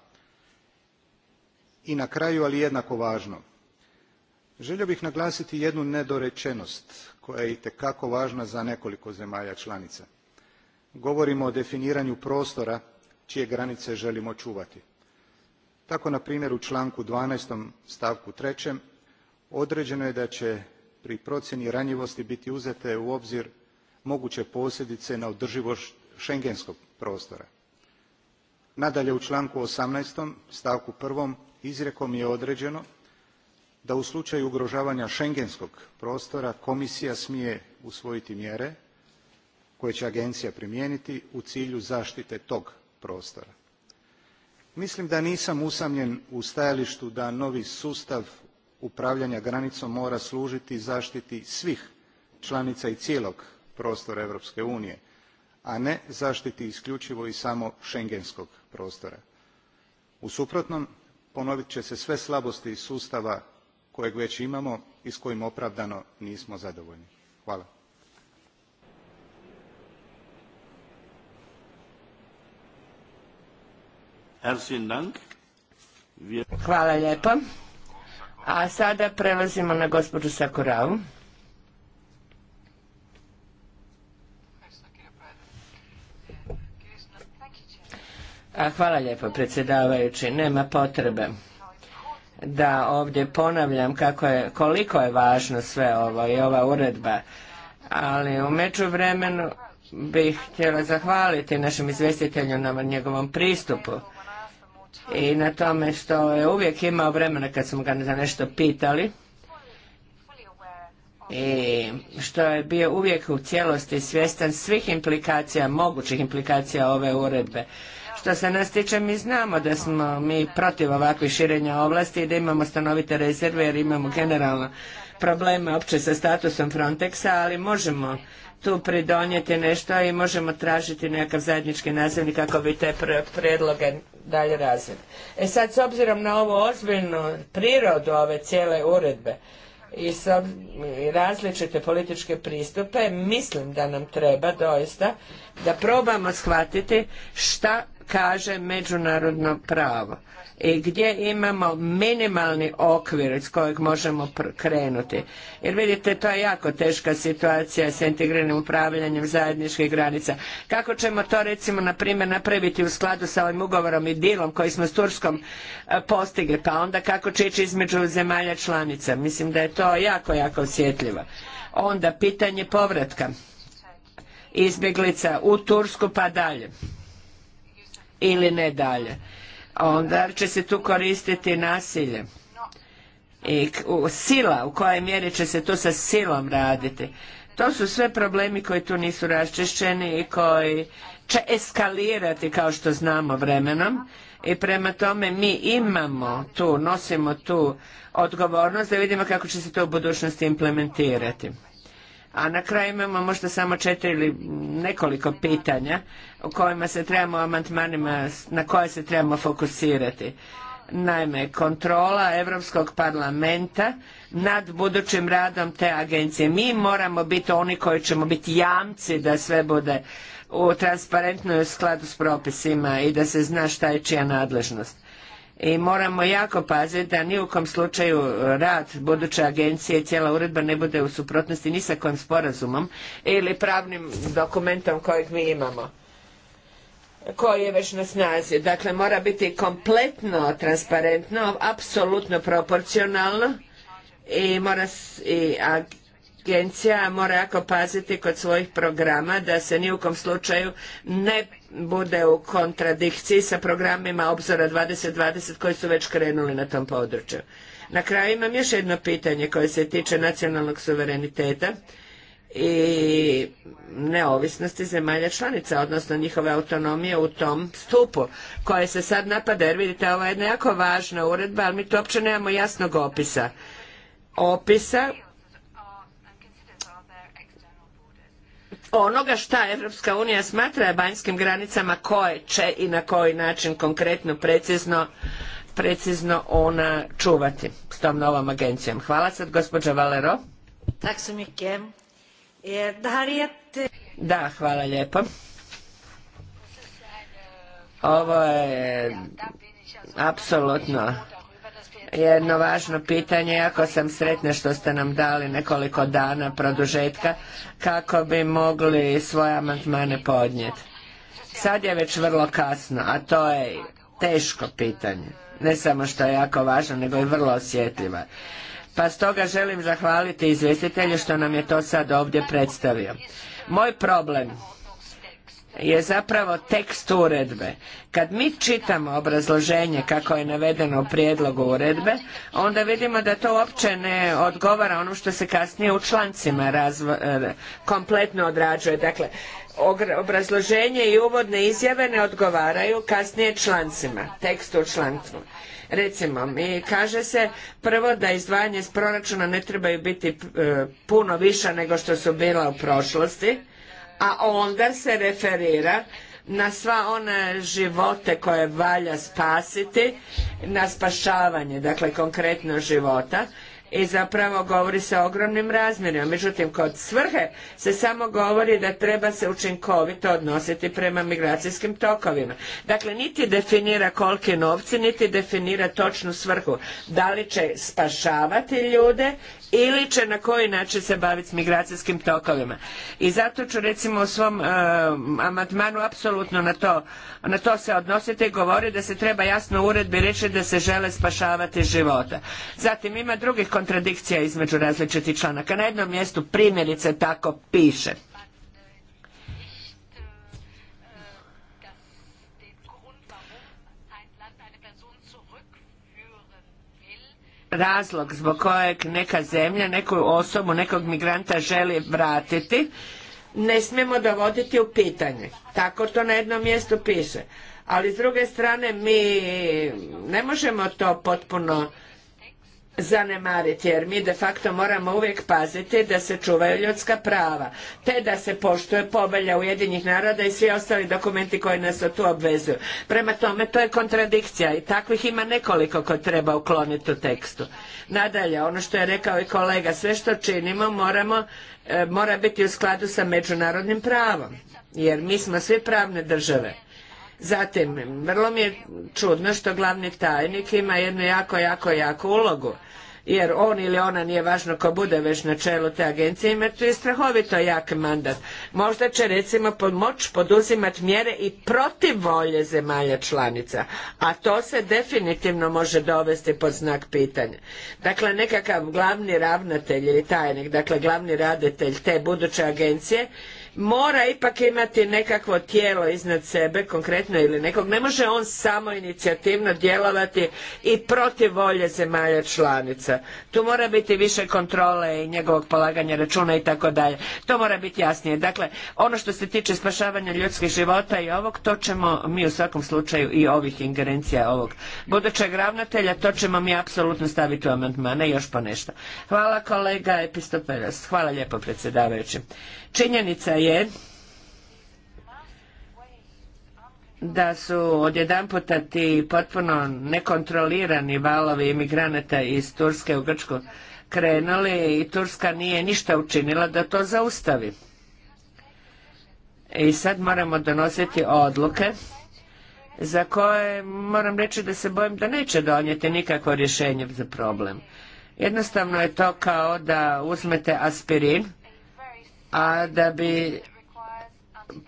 [SPEAKER 3] i na kraju ali jednako važno želio bih naglasiti jednu nedorečenost koja je itekako važna za nekoliko zemalja članica govorimo o definiranju prostora čije granice želimo čuvati tako na primjer u članku twelve stavku three određeno je da će pri procjeni ranjivosti biti uzete u obzir moguće posljedice na održivost schengenskog prostora nadalje u članku eighteen stavku one izrijekom je određeno da u slučaju ugrožavanja schengenskog prostora komisija smije usvojiti mjere koje će agencija primijeniti u cilju zaštite tog prostora. Mislim da nisam usamljen u stajalištu da novi sustav upravljanja granicom mora služiti zaštiti svih članica i cijelog prostora Europske unije, a ne zaštiti isključivo i samo schengenskog prostora. U suprotnom ponovit će se sve slabosti iz sustava kojeg već imamo i s kojim opravdano nismo zadovoljni. Hvala.
[SPEAKER 1] Hvala lijepo. A sada prelazimo na gospođu Sakuravu. hvala lijepo predsjedavajući, nema potrebe da ovdje ponavljam kako je, koliko je važno sve ovo i ova uredba, ali u međuvremenu bih htjela zahvaliti našem izvjestitelju na njegovom pristupu i na tome što je uvijek imao vremena kad smo ga za nešto pitali i što je bio uvijek u cijelosti svjestan svih implikacija, mogućih implikacija ove uredbe što se nas tiče, mi znamo da smo mi protiv ovakvih širenja ovlasti i da imamo stanovite rezerve jer imamo generalno probleme opće sa statusom Frontexa, ali možemo tu pridonijeti nešto i možemo tražiti nekakav zajednički nazivnik kako bi te predloge dalje razvili. E sad, s obzirom na ovu ozbiljnu prirodu ove cijele uredbe i različite političke pristupe, mislim da nam treba doista da probamo shvatiti šta kaže međunarodno pravo i gdje imamo minimalni okvir iz kojeg možemo krenuti. Jer vidite, to je jako teška situacija s integriranim upravljanjem zajedničkih granica. Kako ćemo to recimo na primjer napraviti u skladu sa ovim ugovorom i dilom koji smo s Turskom e, postigli, pa onda kako će ići između zemalja članica. Mislim da je to jako, jako osjetljivo. Onda pitanje povratka izbjeglica u Tursku pa dalje ili ne dalje. Onda će se tu koristiti nasilje i sila, u kojoj mjeri će se to sa silom raditi. To su sve problemi koji tu nisu raščišćeni i koji će eskalirati kao što znamo vremenom i prema tome mi imamo tu, nosimo tu odgovornost da vidimo kako će se to u budućnosti implementirati. A na kraju imamo možda samo četiri ili nekoliko pitanja o kojima se trebamo amandmanima, na koje se trebamo fokusirati. Naime, kontrola Europskog parlamenta nad budućim radom te agencije. Mi moramo biti oni koji ćemo biti jamci da sve bude u transparentnoj skladu s propisima i da se zna šta je čija nadležnost i moramo jako paziti da ni u kom slučaju rad buduće agencije i cijela uredba ne bude u suprotnosti ni sa kojim sporazumom ili pravnim dokumentom kojeg mi imamo koji je već na snazi. Dakle, mora biti kompletno transparentno, apsolutno proporcionalno i mora i agencija mora jako paziti kod svojih programa da se ni u kom slučaju ne bude u kontradikciji sa programima Obzora 2020 koji su već krenuli na tom području. Na kraju imam još jedno pitanje koje se tiče nacionalnog suvereniteta i neovisnosti zemalja članica, odnosno njihove autonomije u tom stupu koje se sad napada, jer vidite ovo je jedna jako važna uredba, ali mi tu uopće nemamo jasnog opisa. Opisa onoga šta Evropska unija smatra banjskim granicama koje će i na koji način konkretno precizno precizno ona čuvati s tom novom agencijom. Hvala sad gospođa Valero. Tak kem. Eh, eh, da, hvala lijepo. Ovo je apsolutno jedno važno pitanje, jako sam sretna što ste nam dali nekoliko dana produžetka kako bi mogli svoje amandmane podnijeti. Sad je već vrlo kasno, a to je teško pitanje. Ne samo što je jako važno, nego i vrlo osjetljivo. Pa stoga želim zahvaliti izvjestitelju što nam je to sad ovdje predstavio. Moj problem je zapravo tekst uredbe. Kad mi čitamo obrazloženje kako je navedeno u prijedlogu uredbe, onda vidimo da to uopće ne odgovara ono što se kasnije u člancima e, kompletno odrađuje. Dakle, obrazloženje i uvodne izjave ne odgovaraju kasnije člancima, tekstu u člancima Recimo, mi kaže se prvo da izdvajanje iz proračuna ne trebaju biti e, puno više nego što su bila u prošlosti, a onda se referira na sva one živote koje valja spasiti, na spašavanje, dakle konkretno života i zapravo govori se o ogromnim razmjerima. Međutim, kod svrhe se samo govori da treba se učinkovito odnositi prema migracijskim tokovima. Dakle, niti definira koliki novci, niti definira točnu svrhu. Da li će spašavati ljude ili će na koji način se baviti s migracijskim tokovima. I zato ću recimo u svom e, amatmanu apsolutno na to, na to se odnositi i govori da se treba jasno uredbi reći da se žele spašavati života. Zatim ima drugih kontradikcija između različitih članaka. Na jednom mjestu primjerice tako piše – razlog zbog kojeg neka zemlja, neku osobu, nekog migranta želi vratiti, ne smijemo dovoditi u pitanje. Tako to na jednom mjestu piše. Ali s druge strane mi ne možemo to potpuno zanemariti jer mi de facto moramo uvijek paziti da se čuvaju ljudska prava te da se poštuje povelja Ujedinjenih naroda i svi ostali dokumenti koji nas tu obvezuju. Prema tome to je kontradikcija i takvih ima nekoliko koje treba ukloniti u tekstu. Nadalje, ono što je rekao i kolega, sve što činimo moramo, e, mora biti u skladu sa međunarodnim pravom jer mi smo svi pravne države. Zatim, vrlo mi je čudno što glavni tajnik ima jednu jako, jako, jako ulogu jer on ili ona nije važno ko bude već na čelu te agencije imati tu strahovito jak mandat. Možda će recimo moći poduzimati mjere i protiv volje zemalja članica, a to se definitivno može dovesti pod znak pitanja. Dakle, nekakav glavni ravnatelj ili tajnik, dakle glavni raditelj te buduće agencije mora ipak imati nekakvo tijelo iznad sebe, konkretno ili nekog. Ne može on samo inicijativno djelovati i protiv volje zemalja članica. Tu mora biti više kontrole i njegovog polaganja računa i tako dalje. To mora biti jasnije. Dakle, ono što se tiče spašavanja ljudskih života i ovog, to ćemo mi u svakom slučaju i ovih ingerencija ovog budućeg ravnatelja, to ćemo mi apsolutno staviti u amandmane i još nešto. Hvala kolega Epistoperos. Hvala lijepo predsjedavajući. Činjenica je da su odjedanputa ti potpuno nekontrolirani valovi imigranata iz Turske u Grčku krenuli i Turska nije ništa učinila da to zaustavi. I sad moramo donositi odluke za koje moram reći da se bojim da neće donijeti nikakvo rješenje za problem. Jednostavno je to kao da uzmete aspirin a da bi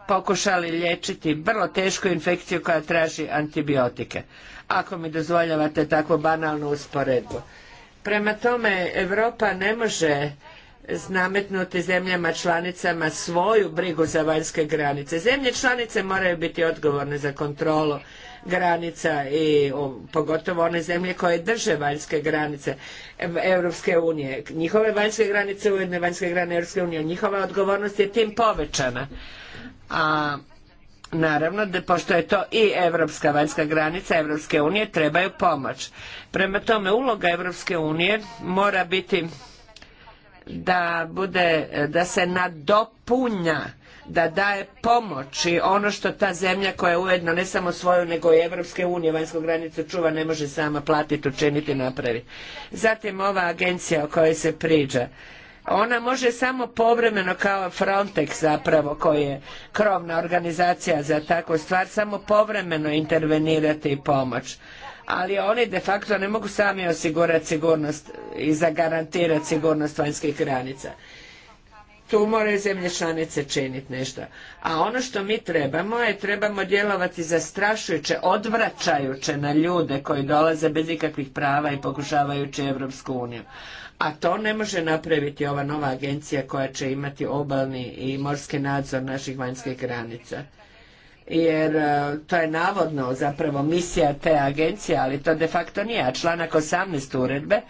[SPEAKER 1] pokušali liječiti vrlo tešku infekciju koja traži antibiotike. Ako mi dozvoljavate takvu banalnu usporedbu. Prema tome, Europa ne može znametnuti zemljama članicama svoju brigu za vanjske granice. Zemlje članice moraju biti odgovorne za kontrolu granica i pogotovo one zemlje koje drže vanjske granice Europske unije. Njihove vanjske granice ujedno vanjske granice Europske unije. Njihova odgovornost je tim povećana. A Naravno, da pošto je to i europska vanjska granica Europske unije, trebaju pomoć. Prema tome, uloga Europske unije mora biti da bude, da se nadopunja da daje pomoći ono što ta zemlja koja je ujedno ne samo svoju nego i Evropske unije vanjsku granicu čuva ne može sama platiti, učiniti, napraviti. Zatim ova agencija o kojoj se priđa ona može samo povremeno kao Frontex zapravo koji je krovna organizacija za takvu stvar samo povremeno intervenirati i pomoć ali oni de facto ne mogu sami osigurati sigurnost i zagarantirati sigurnost vanjskih granica tu moraju zemlje članice činiti nešto. A ono što mi trebamo je trebamo djelovati zastrašujuće, odvraćajuće na ljude koji dolaze bez ikakvih prava i pokušavajući Evropsku uniju. A to ne može napraviti ova nova agencija koja će imati obalni i morski nadzor naših vanjskih granica. Jer e, to je navodno zapravo misija te agencije, ali to de facto nije. A članak 18 uredbe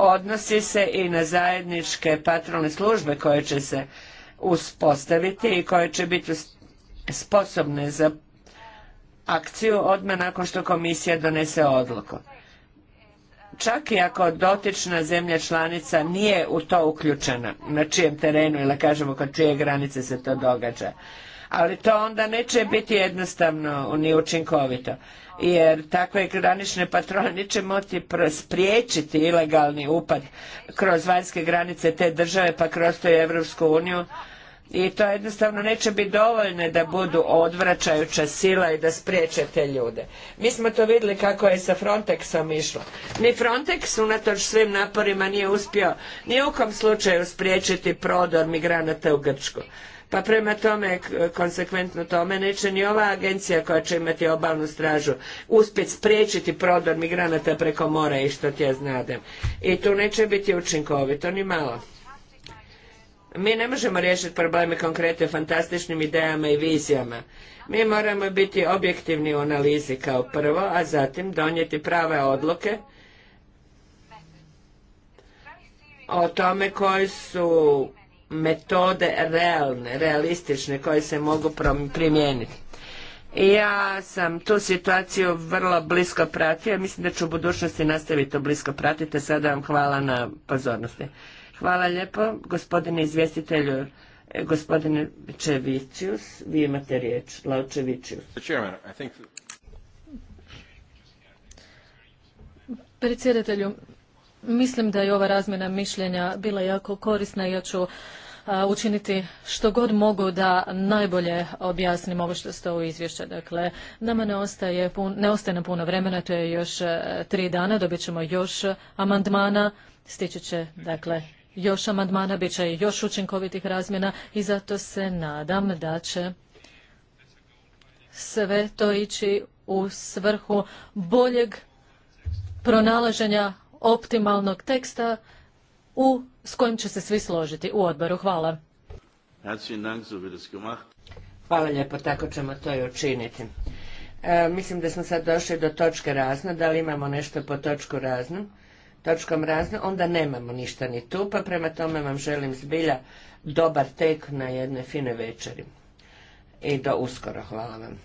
[SPEAKER 1] odnosi se i na zajedničke patrolne službe koje će se uspostaviti i koje će biti sposobne za akciju odmah nakon što komisija donese odluku. Čak i ako dotična zemlja članica nije u to uključena, na čijem terenu ili kažemo kod čije granice se to događa, ali to onda neće biti jednostavno ni učinkovito jer takve granične patrole neće moći spriječiti ilegalni upad kroz vanjske granice te države pa kroz tu Evropsku uniju i to jednostavno neće biti dovoljne da budu odvraćajuća sila i da spriječe te ljude. Mi smo to vidjeli kako je sa Frontexom išlo. Ni Frontex unatoč svim naporima nije uspio ni u kom slučaju spriječiti prodor migranata u Grčku pa prema tome konsekventno tome neće ni ova agencija koja će imati obalnu stražu uspjeti spriječiti prodor migranata preko mora i što ti ja znadem. I tu neće biti učinkovito ni malo. Mi ne možemo riješiti probleme konkretne fantastičnim idejama i vizijama. Mi moramo biti objektivni u analizi kao prvo, a zatim donijeti prave odluke o tome koji su metode realne, realistične koje se mogu primijeniti. Ja sam tu situaciju vrlo blisko pratio, mislim da ću u budućnosti nastaviti to blisko pratiti, sada vam hvala na pozornosti. Hvala lijepo, gospodine izvjestitelju, e, gospodine Čevićius, vi imate riječ, Lao
[SPEAKER 2] Predsjedatelju, mislim da je ova razmjena mišljenja bila jako korisna i ja ću učiniti što god mogu da najbolje objasnim ovo što stoji u izvješću. Dakle, nama ne ostaje, pun, ne ostaje nam puno vremena, to je još e, tri dana, dobit ćemo još amandmana, stići će dakle još amandmana, bit će još učinkovitih razmjena i zato se nadam da će sve to ići u svrhu boljeg pronalaženja optimalnog teksta u s kojim će se svi složiti
[SPEAKER 1] u odboru. Hvala. Hvala lijepo, tako ćemo to i učiniti. E, mislim da smo sad došli do točke razno, da li imamo nešto po točku razno? Točkom razno, onda nemamo ništa ni tu, pa prema tome vam želim zbilja dobar tek na jednoj fine večeri. I do uskoro, hvala vam.